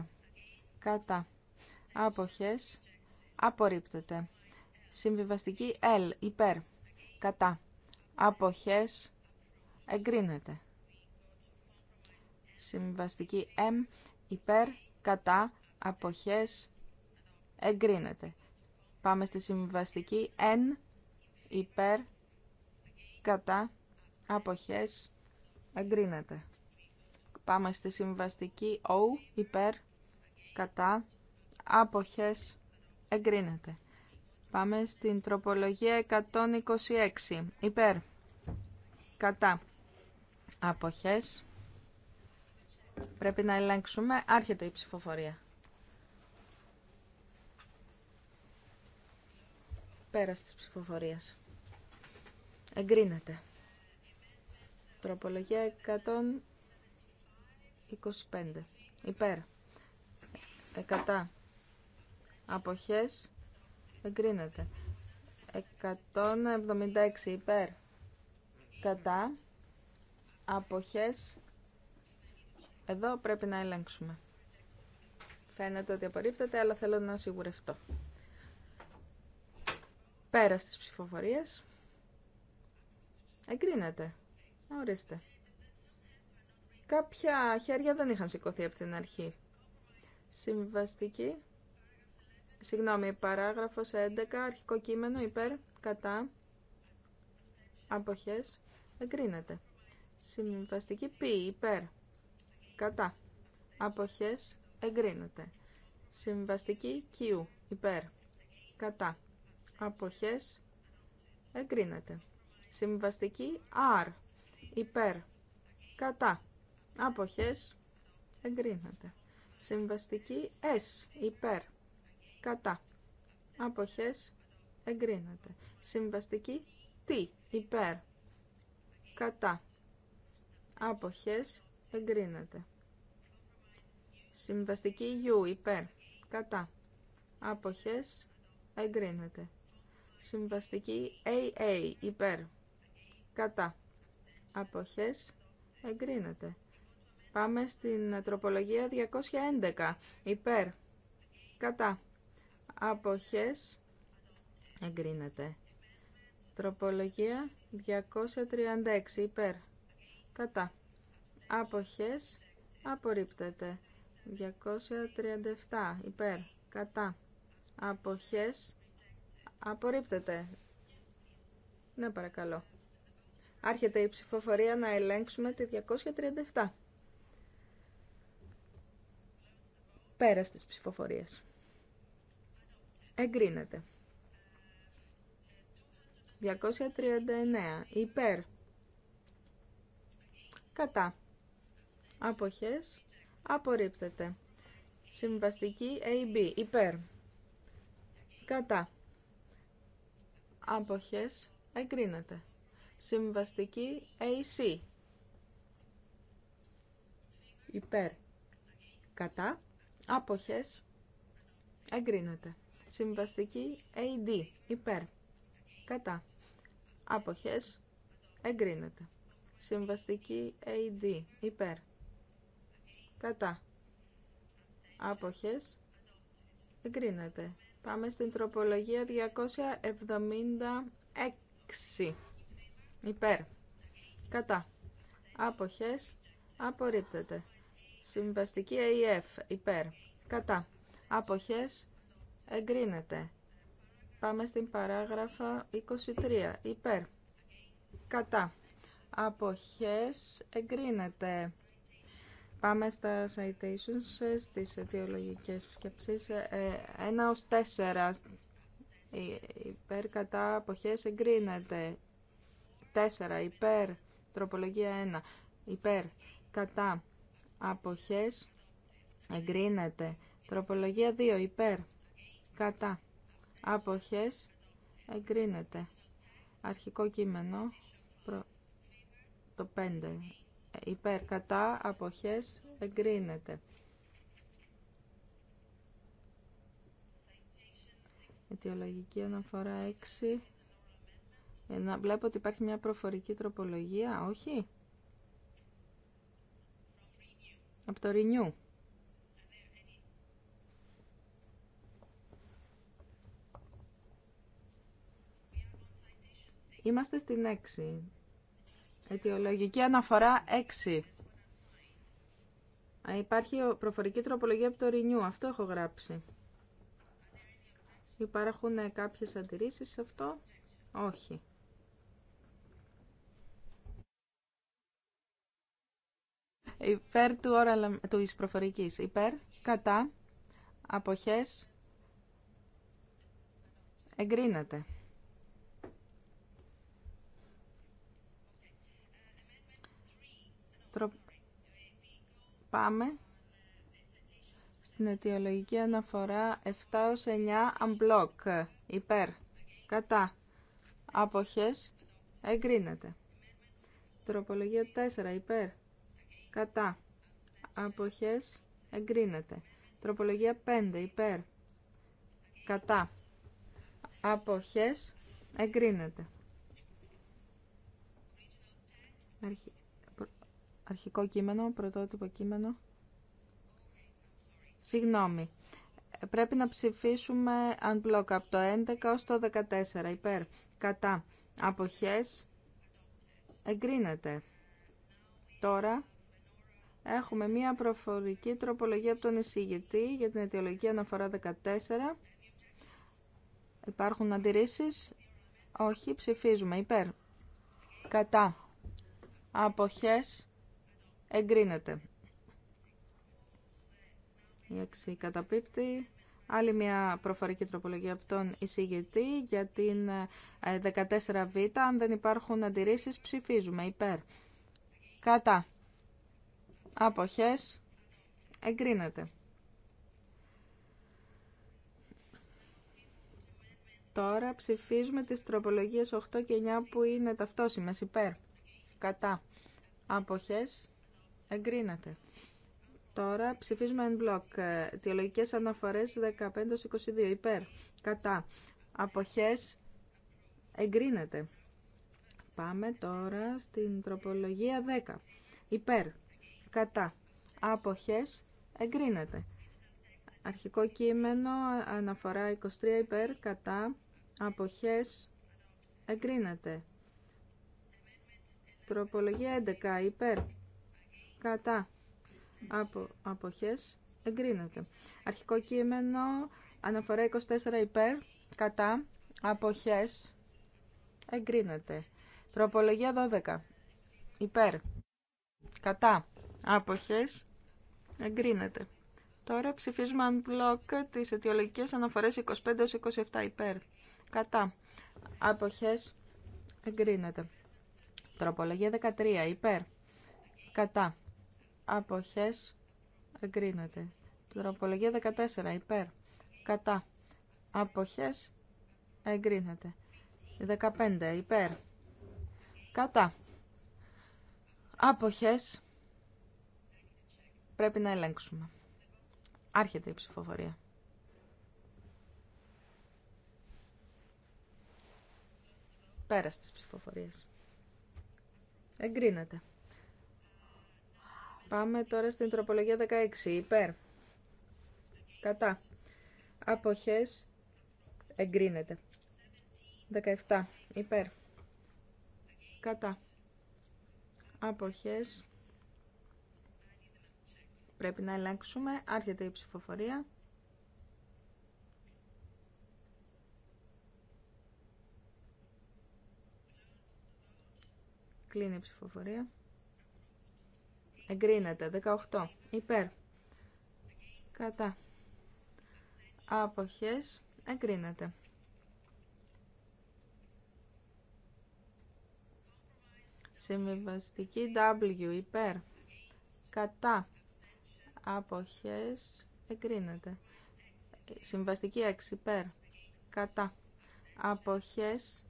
κατά άποχες απορρίπτεται. Συμβιβαστική L υπέρ κατά άποχες εγκρίνεται. Συμβιβαστική M υπέρ κατά αποχές εγκρίνεται. Πάμε στη συμβαστική εν υπέρ κατά αποχές εγκρίνεται. Πάμε στη συμβαστική ο υπέρ κατά αποχές εγκρίνεται. Πάμε στην τροπολογία 126 υπέρ κατά αποχές. Πρέπει να ελέγξουμε. Άρχεται η ψηφοφορία. Πέρας της ψηφοφορίας. Εγκρίνεται. Τροπολογία 125. Υπέρ. Εκατά. Αποχές. Εγκρίνεται. 176. Υπέρ. Κατά. Αποχές. Εδώ πρέπει να ελέγξουμε. Φαίνεται ότι απορρίπτεται, αλλά θέλω να σιγουρευτώ. Πέρας της ψηφοφορίας. Εγκρίνεται. Ορίστε. Κάποια χέρια δεν είχαν σηκωθεί από την αρχή. Συμβαστική. Συγγνώμη, παράγραφος 11, αρχικό κείμενο, υπέρ, κατά, αποχές, εγκρίνεται. Συμβαστική π, υπέρ, κατά, αποχές, εγκρίνεται. Συμβαστική Q, υπέρ, κατά, αποχές εγκρίνεται. Συμβαστική R υπέρ κατά αποχές εγκρίνεται. Συμβαστική S υπέρ κατά αποχές εγκρίνεται. Συμβαστική T υπέρ κατά αποχές εγκρίνεται. Συμβαστική U υπέρ κατά αποχές εγκρίνεται. Συμβαστική AA υπέρ. Κατά. Αποχές εγκρίνεται. Πάμε στην τροπολογία 211 υπέρ. Κατά. Αποχές εγκρίνεται. Τροπολογία 236 υπέρ. Κατά. Αποχές απορρίπτεται. 237 υπέρ. Κατά. Αποχές Απορρίπτεται. Ναι, παρακαλώ. Άρχεται η ψηφοφορία να ελέγξουμε τη 237. Πέρας της ψηφοφορίες. Εγκρίνεται. 239. Υπέρ. Κατά. Αποχές. Απορρίπτεται. Συμβαστική AB. Υπέρ. Κατά. Αποχές εγκρίνεται. Συμβαστική AC. Υπέρ. Κατά. Αποχές εγκρίνεται. Συμβαστική AD. Υπέρ. Κατά. Αποχές εγκρίνεται. Συμβαστική AD. Υπέρ. Κατά. Άποχες εγκρίνεται. Πάμε στην τροπολογία 276. Υπέρ. Κατά. Άποχες. Απορρίπτεται. Συμβαστική ΑΕΦ, Υπέρ. Κατά. Άποχες. Εγκρίνεται. Πάμε στην παράγραφα 23. Υπέρ. Κατά. Αποχές εγκρίνεται. Πάμε στα citations, ε, στις αιτιολογικές σκέψεις. Ε, ε, ένα ως τέσσερα υπέρ κατά αποχές εγκρίνεται. Τέσσερα υπέρ, τροπολογία 1, υπέρ κατά αποχές εγκρίνεται. Τροπολογία 2 υπέρ κατά αποχές εγκρίνεται. Αρχικό κείμενο, το πέντε υπέρ κατά αποχές εγκρίνεται. Αιτιολογική αναφορά 6. Ε, βλέπω ότι υπάρχει μια προφορική τροπολογία, όχι. Από το Renew. Είμαστε στην 6. Αιτιολογική αναφορά 6. Υπάρχει προφορική τροπολογία από το Renew. Αυτό έχω γράψει. Υπάρχουν ε, κάποιες αντιρρήσεις σε αυτό. Όχι. Υπέρ του oral, του εις προφορικής. Υπέρ, κατά, αποχές, εγκρίνεται. Πάμε στην αιτιολογική αναφορά 7 9 unblock. Υπέρ. Κατά. Αποχές. Εγκρίνεται. Τροπολογία 4. Υπέρ. Κατά. Αποχές. Εγκρίνεται. Τροπολογία 5. Υπέρ. Κατά. Αποχές. Εγκρίνεται αρχικό κείμενο, πρωτότυπο κείμενο. Συγγνώμη. Πρέπει να ψηφίσουμε unblock από το 11 ως το 14. Υπέρ. Κατά. Αποχές. Εγκρίνεται. Τώρα έχουμε μία προφορική τροπολογία από τον εισηγητή για την αιτιολογική αναφορά 14. Υπάρχουν αντιρρήσεις. Όχι. Ψηφίζουμε. Υπέρ. Κατά. Αποχές εγκρίνεται. Η έξι καταπίπτει. Άλλη μια προφορική τροπολογία από τον εισηγητή για την 14β. Ε, Αν δεν υπάρχουν αντιρρήσεις ψηφίζουμε υπέρ. Κατά. Αποχές. Εγκρίνεται. Τώρα ψηφίζουμε τις τροπολογίες 8 και 9 που είναι ταυτόσιμες υπέρ. Κατά. Αποχές. Εγκρίνεται. Τώρα ψηφίζουμε εν μπλοκ. Ε, τιολογικε αναφορες αναφορές 15-22. Υπέρ. Κατά. Αποχές. Εγκρίνεται. Πάμε τώρα στην τροπολογία 10. Υπέρ. Κατά. Αποχές. Εγκρίνεται. Αρχικό κείμενο αναφορά 23 υπέρ. Κατά. Αποχές. Εγκρίνεται. Τροπολογία 11 υπέρ κατά από αποχές εγκρίνεται. Αρχικό κείμενο αναφορά 24 υπέρ κατά αποχές εγκρίνεται. Τροπολογία 12 υπέρ κατά αποχές εγκρίνεται. Τώρα ψηφίζουμε αν μπλοκ τις αιτιολογικές αναφορές 25-27 υπέρ κατά αποχές εγκρίνεται. Τροπολογία 13 υπέρ κατά αποχές εγκρίνεται. Τροπολογία 14 υπέρ κατά αποχές εγκρίνεται. 15 υπέρ κατά αποχές πρέπει να ελέγξουμε. Άρχεται η ψηφοφορία. Πέρα στις ψηφοφορίες. Εγκρίνεται. Πάμε τώρα στην τροπολογία 16. Υπέρ. Κατά. Αποχές. Εγκρίνεται. 17. Υπέρ. Κατά. Αποχές. Πρέπει να ελέγξουμε. Άρχεται η ψηφοφορία. Κλείνει η ψηφοφορία. Εγκρίνεται. 18. Υπέρ. Κατά. Αποχές. Εγκρίνεται. Συμβιβαστική W. Υπέρ. Κατά. Αποχές. Εγκρίνεται. Συμβαστική 6. Υπέρ. Κατά. Αποχές.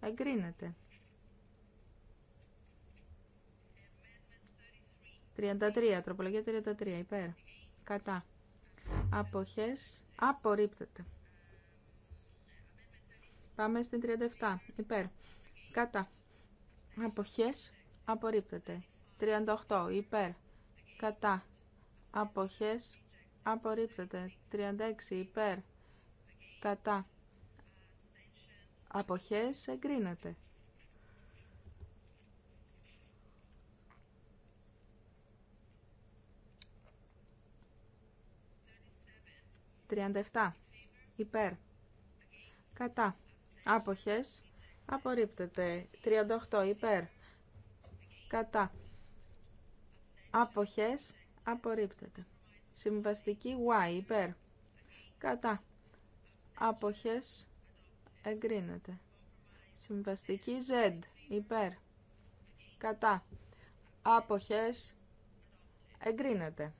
Εγκρίνεται. 33. Τροπολογία 33. Υπέρ. Κατά. Αποχές. Απορρίπτεται. Πάμε στην 37. Υπέρ. Κατά. Αποχές. Απορρίπτεται. 38. Υπέρ. Κατά. Αποχές. Απορρίπτεται. 36. Υπέρ. Κατά. Αποχές. Εγκρίνεται. 37. Υπέρ. Κατά. Άποχες. Απορρίπτεται. 38. Υπέρ. Κατά. Άποχες. Απορρίπτεται. Συμβαστική Y. Υπέρ. Κατά. Άποχες. Εγκρίνεται. Συμβαστική Z. Υπέρ. Κατά. Άποχες. Εγκρίνεται.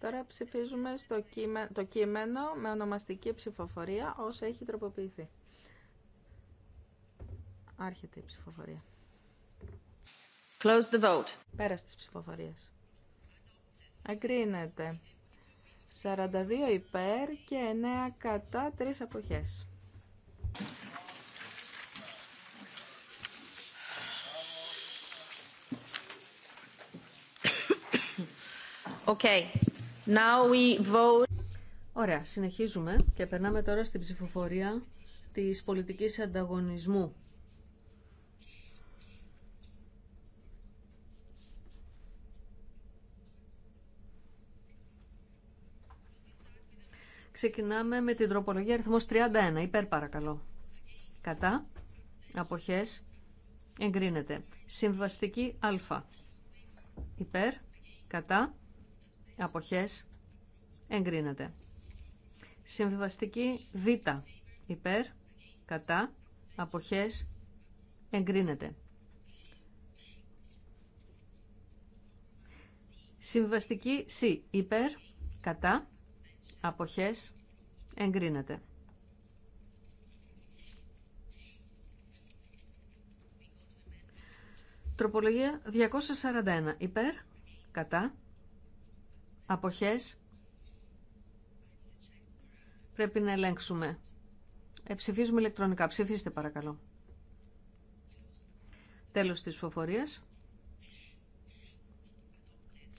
Τώρα ψηφίζουμε στο το κείμενο με ονομαστική ψηφοφορία όσο έχει τροποποιηθεί. Άρχεται η ψηφοφορία. Close the vote. Πέρας της ψηφοφορίας. Εγκρίνεται. 42 υπέρ και 9 κατά 3 αποχές. Okay. Now Ωραία, συνεχίζουμε και περνάμε τώρα στην ψηφοφορία της πολιτικής ανταγωνισμού. Ξεκινάμε με την τροπολογία αριθμός 31. Υπέρ παρακαλώ. Κατά. Αποχές. Εγκρίνεται. Συμβαστική α. Υπέρ. Κατά αποχές εγκρίνεται. Συμβιβαστική Β υπέρ, κατά, αποχές εγκρίνεται. Συμβιβαστική Σ υπέρ, κατά, αποχές εγκρίνεται. Τροπολογία 241 υπέρ, κατά, Αποχές. Πρέπει να ελέγξουμε. Εψηφίζουμε ηλεκτρονικά. Ψηφίστε παρακαλώ. Τέλος της ψηφοφορίας.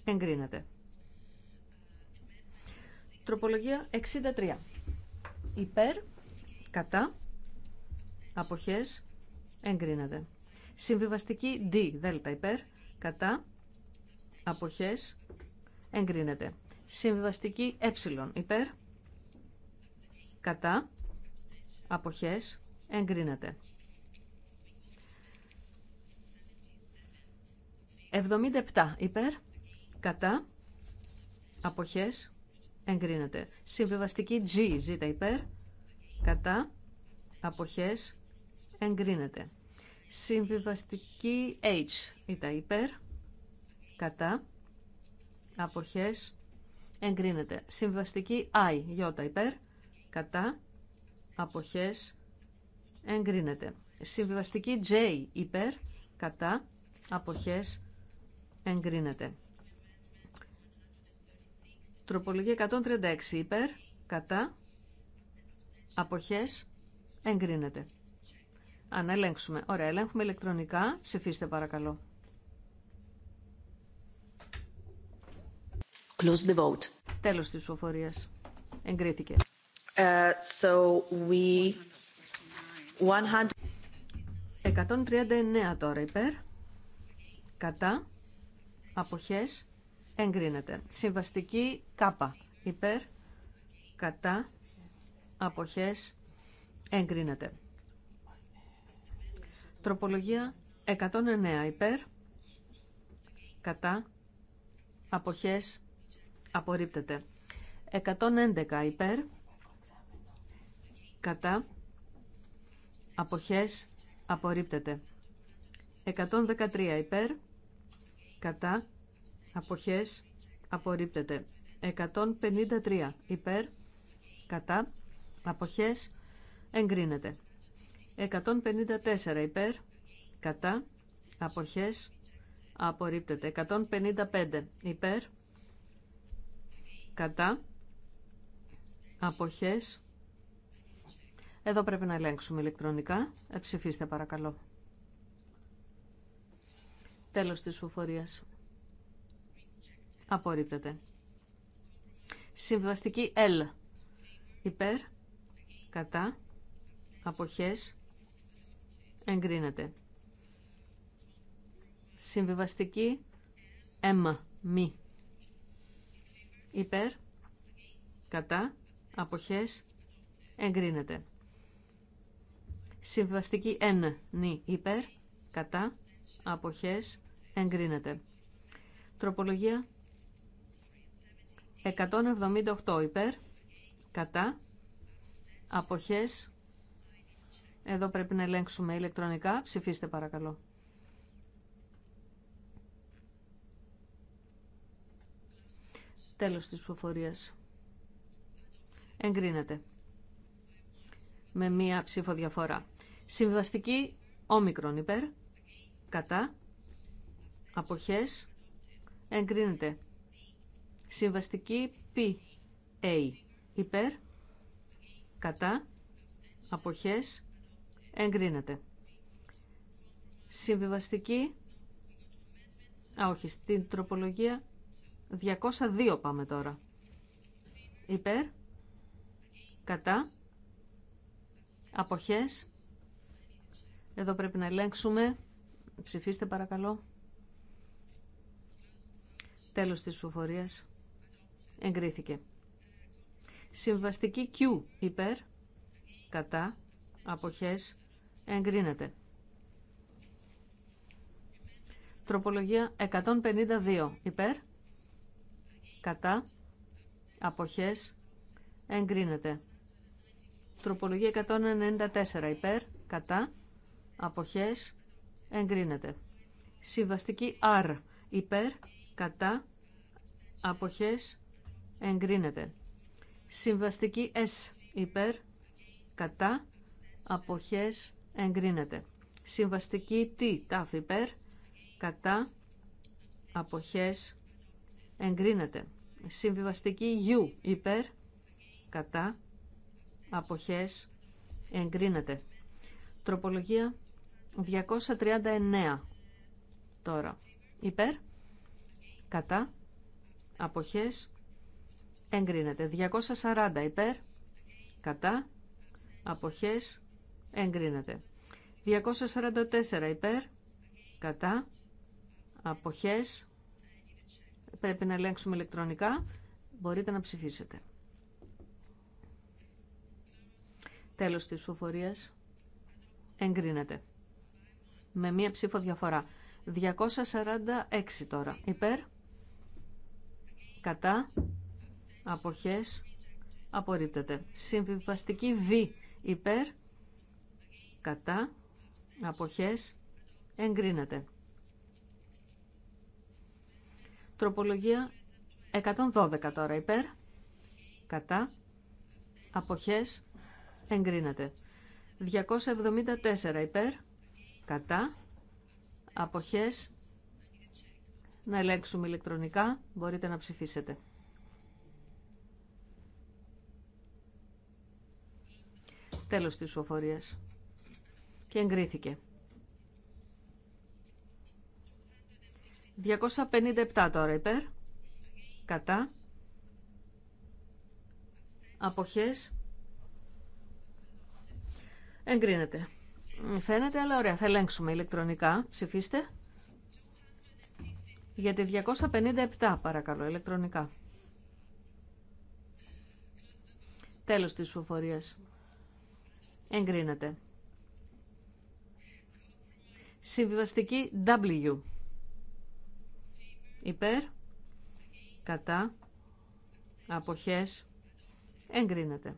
Εγκρίνεται. Τροπολογία 63. Υπέρ, κατά, αποχές, εγκρίνεται. Συμβιβαστική D, δέλτα υπέρ, κατά, αποχές, εγκρίνεται. Συμβιβαστική ε υπέρ, κατά, αποχές, εγκρίνεται. 77 υπέρ, κατά, αποχές, εγκρίνεται. Συμβιβαστική G ζήτα υπέρ, κατά, αποχές, εγκρίνεται. Συμβιβαστική H ήτα υπέρ, κατά, αποχές εγκρίνεται. Συμβαστική I, Ι, υπέρ, κατά, αποχές εγκρίνεται. Συμβαστική J, υπέρ, κατά, αποχές εγκρίνεται. Τροπολογία 136, υπέρ, κατά, αποχές εγκρίνεται. Αν ελέγξουμε. Ωραία, ελέγχουμε ηλεκτρονικά. Ψηφίστε παρακαλώ. Close the vote. Τέλος της ψηφοφορίας. Εγκρίθηκε. Uh, so 139 τώρα υπέρ. Κατά. Αποχές. Εγκρίνεται. Συμβαστική κάπα. Υπέρ. Κατά. Αποχές. Εγκρίνεται. Τροπολογία 109 υπέρ. Κατά. Αποχές Απορρίπτεται. 111 υπέρ. Κατά. Αποχές. Απορρίπτεται. 113 υπέρ. Κατά. Αποχές. Απορρίπτεται. 153 υπέρ. Κατά. Αποχές. Εγκρίνεται. 154 υπέρ. Κατά. Αποχές. Απορρίπτεται. 155 υπέρ κατά αποχές. Εδώ πρέπει να ελέγξουμε ηλεκτρονικά. Εψηφίστε παρακαλώ. Τέλος της φοφορίας. Απορρίπτεται. Συμβαστική L. Υπέρ, κατά, αποχές, εγκρίνεται. Συμβιβαστική M. Μη υπέρ, κατά, αποχές, εγκρίνεται. Συμβαστική 1, νη, υπέρ, κατά, αποχές, εγκρίνεται. Τροπολογία 178 υπέρ, κατά, αποχές, εδώ πρέπει να ελέγξουμε ηλεκτρονικά, ψηφίστε παρακαλώ. Τέλος της ψηφοφορίας. Εγκρίνεται. Με μία ψηφοδιαφορά. διαφορά. Συμβαστική όμικρον υπέρ. Κατά. Αποχές. Εγκρίνεται. Συμβαστική π. A. Υπέρ. Κατά. Αποχές. Εγκρίνεται. Συμβιβαστική. Α, όχι, στην τροπολογία 202 πάμε τώρα. Υπέρ, κατά, αποχές. Εδώ πρέπει να ελέγξουμε. Ψηφίστε παρακαλώ. Τέλος της ψηφοφορίας. Εγκρίθηκε. Συμβαστική Q υπέρ, κατά, αποχές, εγκρίνεται. Τροπολογία 152 υπέρ, κατά, αποχές, εγκρίνεται. Τροπολογία 194 υπέρ, κατά, αποχές, εγκρίνεται. Συμβαστική R υπέρ, κατά, αποχές, εγκρίνεται. Συμβαστική S υπέρ, κατά, αποχές, εγκρίνεται. Συμβαστική T τάφ υπέρ, κατά, αποχές, εγκρίνεται. Συμβιβαστική U υπέρ, κατά, αποχές, εγκρίνεται. Τροπολογία 239 τώρα. Υπέρ, κατά, αποχές, εγκρίνεται. 240 υπέρ, κατά, αποχές, εγκρίνεται. 244 υπέρ, κατά, αποχές, Πρέπει να ελέγξουμε ηλεκτρονικά. Μπορείτε να ψηφίσετε. Τέλος της ψηφοφορίας. Εγκρίνεται. Με μία ψήφο διαφορά. 246 τώρα. Υπέρ. Κατά. Αποχές. Απορρίπτεται. Συμβιβαστική Β. Υπέρ. Κατά. Αποχές. Εγκρίνεται. Τροπολογία 112 τώρα υπέρ, κατά, αποχές, εγκρίνεται. 274 υπέρ, κατά, αποχές, να ελέγξουμε ηλεκτρονικά, μπορείτε να ψηφίσετε. Τέλος της ψηφοφορίας. Και εγκρίθηκε. 257 τώρα υπέρ. Κατά. Αποχές. Εγκρίνεται. Φαίνεται, αλλά ωραία. Θα ελέγξουμε ηλεκτρονικά. Ψηφίστε. Γιατί 257 παρακαλώ, ηλεκτρονικά. Τέλος της ψηφοφορίας. Εγκρίνεται. Συμβιβαστική W υπέρ, κατά, αποχές, εγκρίνεται.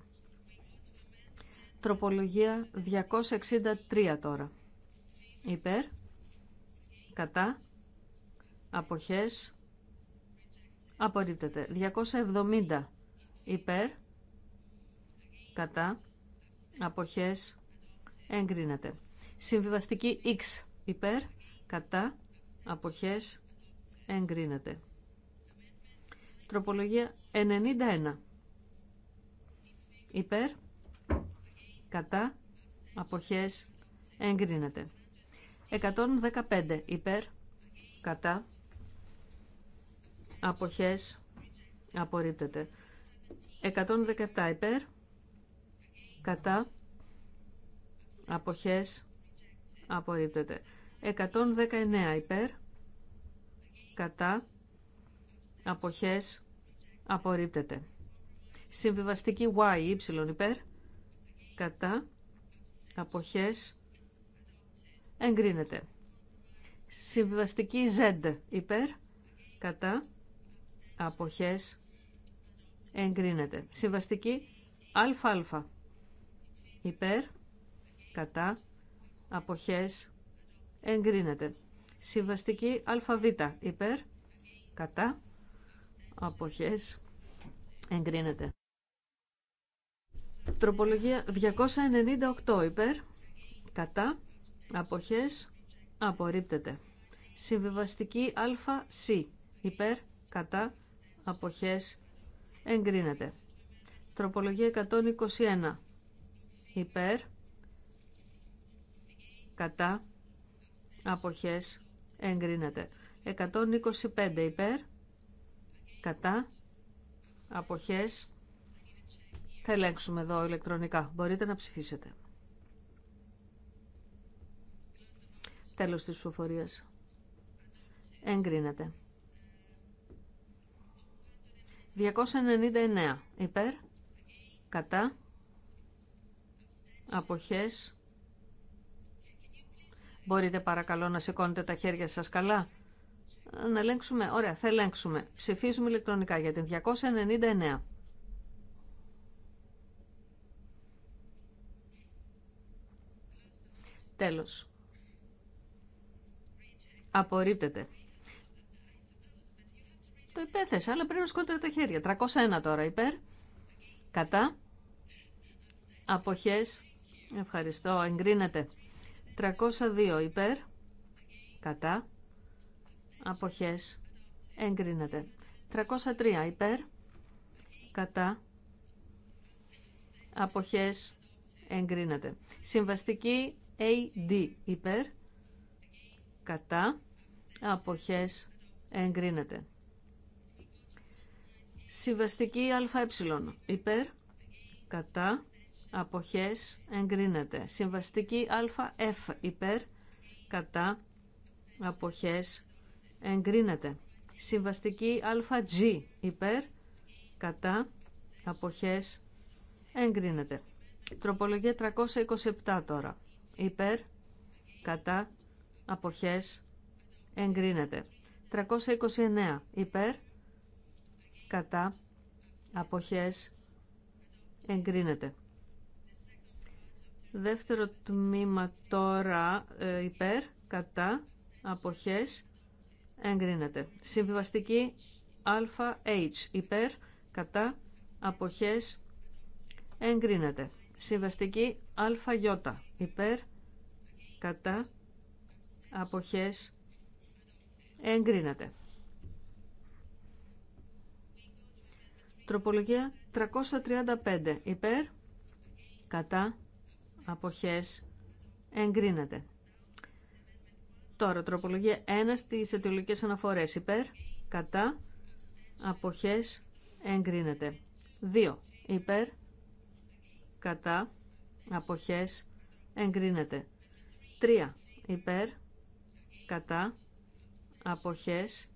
Τροπολογία 263 τώρα. Υπέρ, κατά, αποχές, απορρίπτεται. 270 υπέρ, κατά, αποχές, εγκρίνεται. Συμβιβαστική X υπέρ, κατά, αποχές, εγκρίνεται. Τροπολογία 91. Υπέρ, κατά, αποχές, εγκρίνεται. 115. Υπέρ, κατά, αποχές, απορρίπτεται. 117. Υπέρ, κατά, αποχές, απορρίπτεται. 119. Υπέρ, κατά, αποχές, απορρίπτεται. Συμβιβαστική Y, Y υπέρ, κατά, αποχές, εγκρίνεται. Συμβιβαστική Z υπέρ, κατά, αποχές, εγκρίνεται. Συμβαστική αλφα υπέρ, κατά, αποχές, εγκρίνεται. Συμβαστική ΑΒ υπέρ, κατά, αποχές, εγκρίνεται. Τροπολογία 298 υπέρ, κατά, αποχές, απορρίπτεται. αλφα ΑΣ υπέρ, κατά, αποχές, εγκρίνεται. Τροπολογία 121 υπέρ, κατά, αποχές, εγκρίνεται. 125 υπέρ, κατά, αποχές, θα ελέγξουμε εδώ ηλεκτρονικά. Μπορείτε να ψηφίσετε. Τέλος της ψηφοφορίας. Εγκρίνεται. 299 υπέρ, κατά, αποχές, Μπορείτε παρακαλώ να σηκώνετε τα χέρια σας καλά. Να ελέγξουμε. Ωραία, θα ελέγξουμε. Ψηφίζουμε ηλεκτρονικά για την 299. Τέλος. Απορρίπτεται. Το υπέθεσα, αλλά πρέπει να σηκώνετε τα χέρια. 301 τώρα υπέρ. Κατά. Αποχές. Ευχαριστώ. Εγκρίνεται. 302 υπέρ, κατά, αποχές, εγκρίνεται. 303 υπέρ, κατά, αποχές, εγκρίνεται. Συμβαστική AD υπέρ, κατά, αποχές, εγκρίνεται. Συμβαστική ΑΕ υπέρ, κατά, αποχές εγκρίνεται. Συμβαστική ΑΕΦ υπέρ κατά αποχές εγκρίνεται. Συμβαστική ΑΓ υπέρ κατά αποχές εγκρίνεται. Τροπολογία 327 τώρα. Υπέρ κατά αποχές εγκρίνεται. 329 υπέρ κατά αποχές εγκρίνεται. Δεύτερο τμήμα τώρα ε, υπέρ, κατά, αποχές, εγκρίνεται. Συμβιβαστική ΑH υπέρ, κατά, αποχές, εγκρίνεται. Συμβαστική ΑΙ υπέρ, κατά, αποχές, εγκρίνεται. Τροπολογία 335 υπέρ, κατά, αποχές εγκρίνεται. Τώρα, τροπολογία 1 στις αιτιολογικές αναφορές υπέρ, κατά, αποχές εγκρίνεται. 2. Υπέρ, κατά, αποχές εγκρίνεται. 3. Υπέρ, κατά, αποχές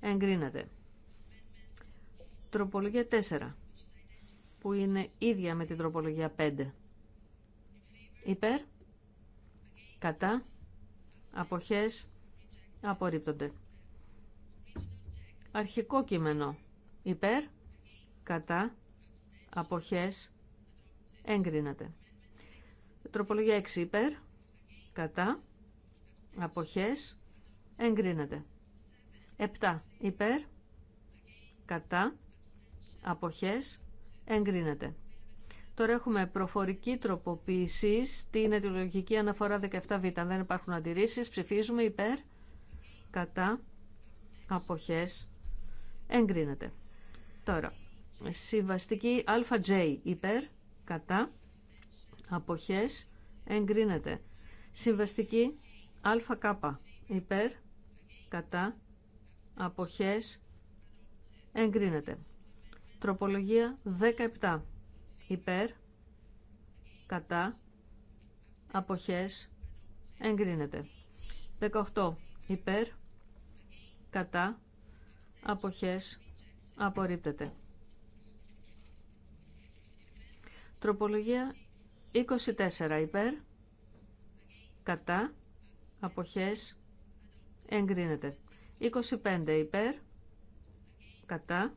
εγκρίνεται. Τροπολογία 4, που είναι ίδια με την τροπολογία 5. Υπέρ. Κατά. Αποχές. Απορρίπτονται. Αρχικό κείμενο. Υπέρ. Κατά. Αποχές. εγκρίνεται. Τροπολογία 6 υπέρ. Κατά. Αποχές. Εγκρίνεται. 7 υπέρ. Κατά. Αποχές. Εγκρίνεται. Τώρα έχουμε προφορική τροποποίηση στην αιτιολογική αναφορά 17β. δεν υπάρχουν αντιρρήσει. ψηφίζουμε υπέρ, κατά, αποχές, εγκρίνεται. Τώρα, συμβαστική ΑJ υπέρ, κατά, αποχές, εγκρίνεται. Συμβαστική ΑΚ υπέρ, κατά, αποχές, εγκρίνεται. Τροπολογία 17 υπέρ, κατά, αποχές, εγκρίνεται. 18. Υπέρ, κατά, αποχές, απορρίπτεται. Τροπολογία 24. Υπέρ, κατά, αποχές, εγκρίνεται. 25. Υπέρ, κατά,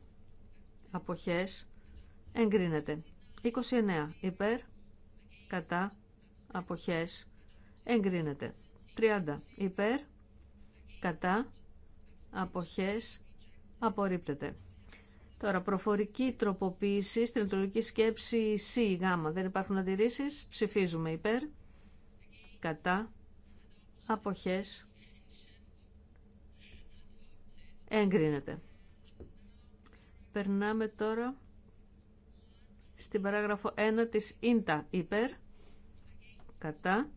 αποχές, εγκρίνεται. 29 υπέρ, κατά, αποχές, εγκρίνεται. 30 υπέρ, κατά, αποχές, απορρίπτεται. Τώρα, προφορική τροποποίηση στην ελληνική σκέψη C, γ. Δεν υπάρχουν αντιρρήσεις. Ψηφίζουμε υπέρ, κατά, αποχές, εγκρίνεται. Περνάμε τώρα στην παράγραφο 1 της ίντα υπέρ, κατά,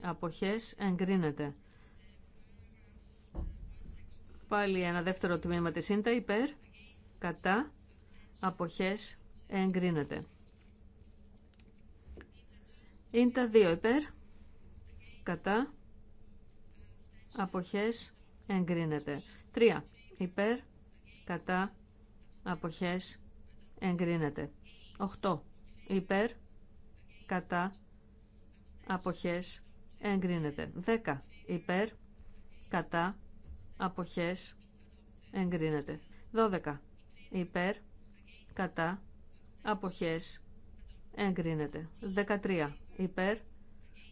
αποχές εγκρίνεται. Πάλι ένα δεύτερο τμήμα της ίντα υπέρ, κατά, αποχές εγκρίνεται. Ίντα 2 υπέρ, κατά, αποχές εγκρίνεται. 3 υπέρ, κατά, αποχές εγκρίνεται. 8. Υπέρ, κατά, αποχές, εγκρίνεται. 10. Υπέρ, κατά, αποχές, εγκρίνεται. 12. Υπέρ, κατά, αποχές, εγκρίνεται. 13. Υπέρ,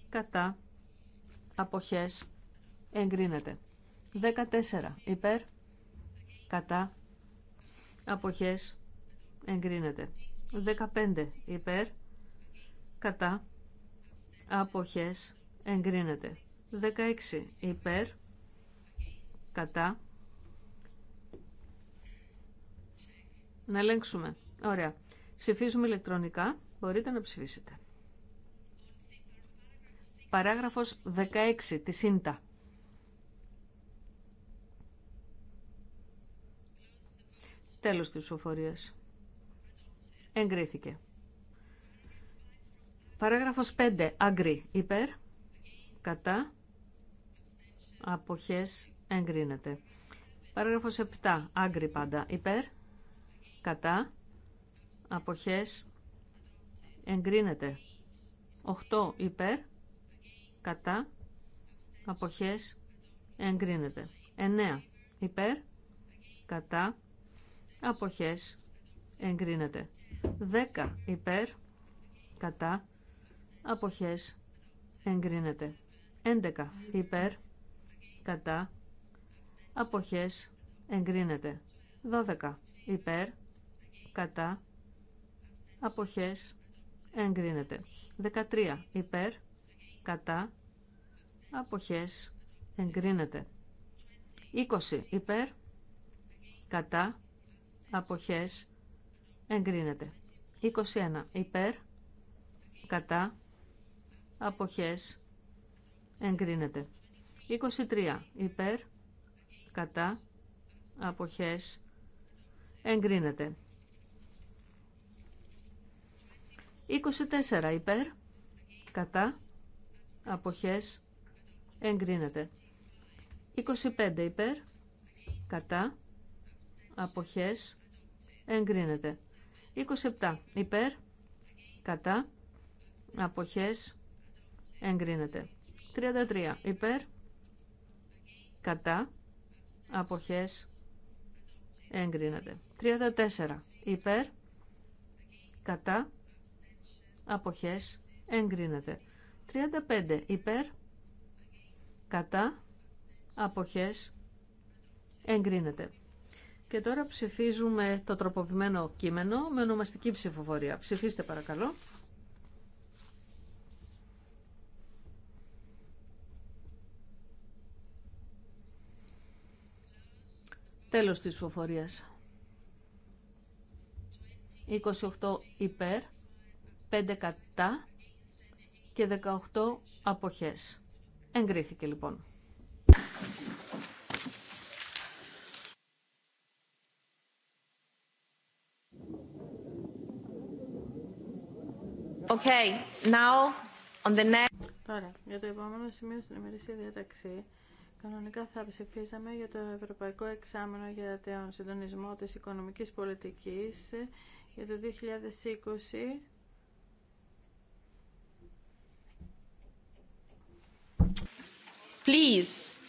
κατά, αποχές, εγκρίνεται. 14. Υπέρ, κατά, αποχές, εγκρίνεται. 15 υπέρ, κατά, αποχές, εγκρίνεται. 16 υπέρ, κατά, να ελέγξουμε. Ωραία. Ψηφίζουμε ηλεκτρονικά. Μπορείτε να ψηφίσετε. Παράγραφος 16 της ΣΥΝΤΑ. Τέλος της ψηφοφορίας. Εγκρίθηκε. Παράγραφος 5. Αγκρί. Υπέρ. Κατά. Αποχές. Εγκρίνεται. Παράγραφος 7. Άγκρι πάντα. Υπέρ. Κατά. Αποχές. Εγκρίνεται. 8. Υπέρ. Κατά. Αποχές. Εγκρίνεται. 9. Υπέρ. Κατά. Αποχές. Εγκρίνεται. 10 υπέρ, κατά, αποχές, εγκρίνεται. 11 υπέρ, κατά, αποχές, εγκρίνεται. 12 υπέρ, κατά, αποχές, εγκρίνεται. 13 υπέρ, κατά, αποχές, εγκρίνεται. 20 υπέρ, κατά, αποχές, εγκρίνεται. 21 υπέρ, κατά, αποχές, εγκρίνεται. 23 υπέρ, κατά, αποχές, εγκρίνεται. 24 υπέρ, κατά, αποχές, εγκρίνεται. 25 υπέρ, κατά, αποχές, εγκρίνεται. 27 υπέρ, κατά, αποχές, εγκρίνεται. 33 υπέρ, κατά, αποχές, εγκρίνεται. 34 υπέρ, κατά, αποχές, εγκρίνεται. 35 υπέρ, κατά, αποχές, εγκρίνεται. Και τώρα ψηφίζουμε το τροποποιημένο κείμενο με ονομαστική ψηφοφορία. Ψηφίστε παρακαλώ. Τέλος της ψηφοφορίας. 28 υπέρ, 5 κατά και 18 αποχές. Εγκρίθηκε λοιπόν. Τώρα, για το επόμενο σημείο στην ημερήσια διάταξη, κανονικά θα ψηφίσαμε για το Ευρωπαϊκό Εξάμενο για τον Συντονισμό της Οικονομικής Πολιτικής για το 2020. Please.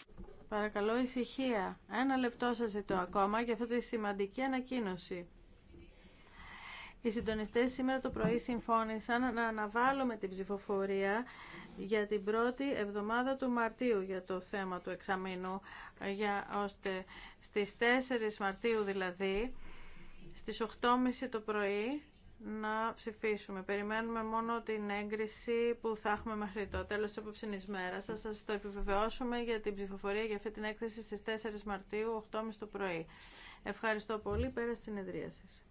Παρακαλώ ησυχία. Ένα λεπτό σας ζητώ ακόμα για αυτή τη σημαντική ανακοίνωση. Οι συντονιστέ σήμερα το πρωί συμφώνησαν να αναβάλουμε την ψηφοφορία για την πρώτη εβδομάδα του Μαρτίου για το θέμα του εξαμήνου, για, ώστε στις 4 Μαρτίου δηλαδή, στις 8.30 το πρωί, να ψηφίσουμε. Περιμένουμε μόνο την έγκριση που θα έχουμε μέχρι το τέλος της απόψινης μέρας. Θα σας το επιβεβαιώσουμε για την ψηφοφορία για αυτή την έκθεση στις 4 Μαρτίου, 8.30 το πρωί. Ευχαριστώ πολύ. Πέρα συνεδρίασης.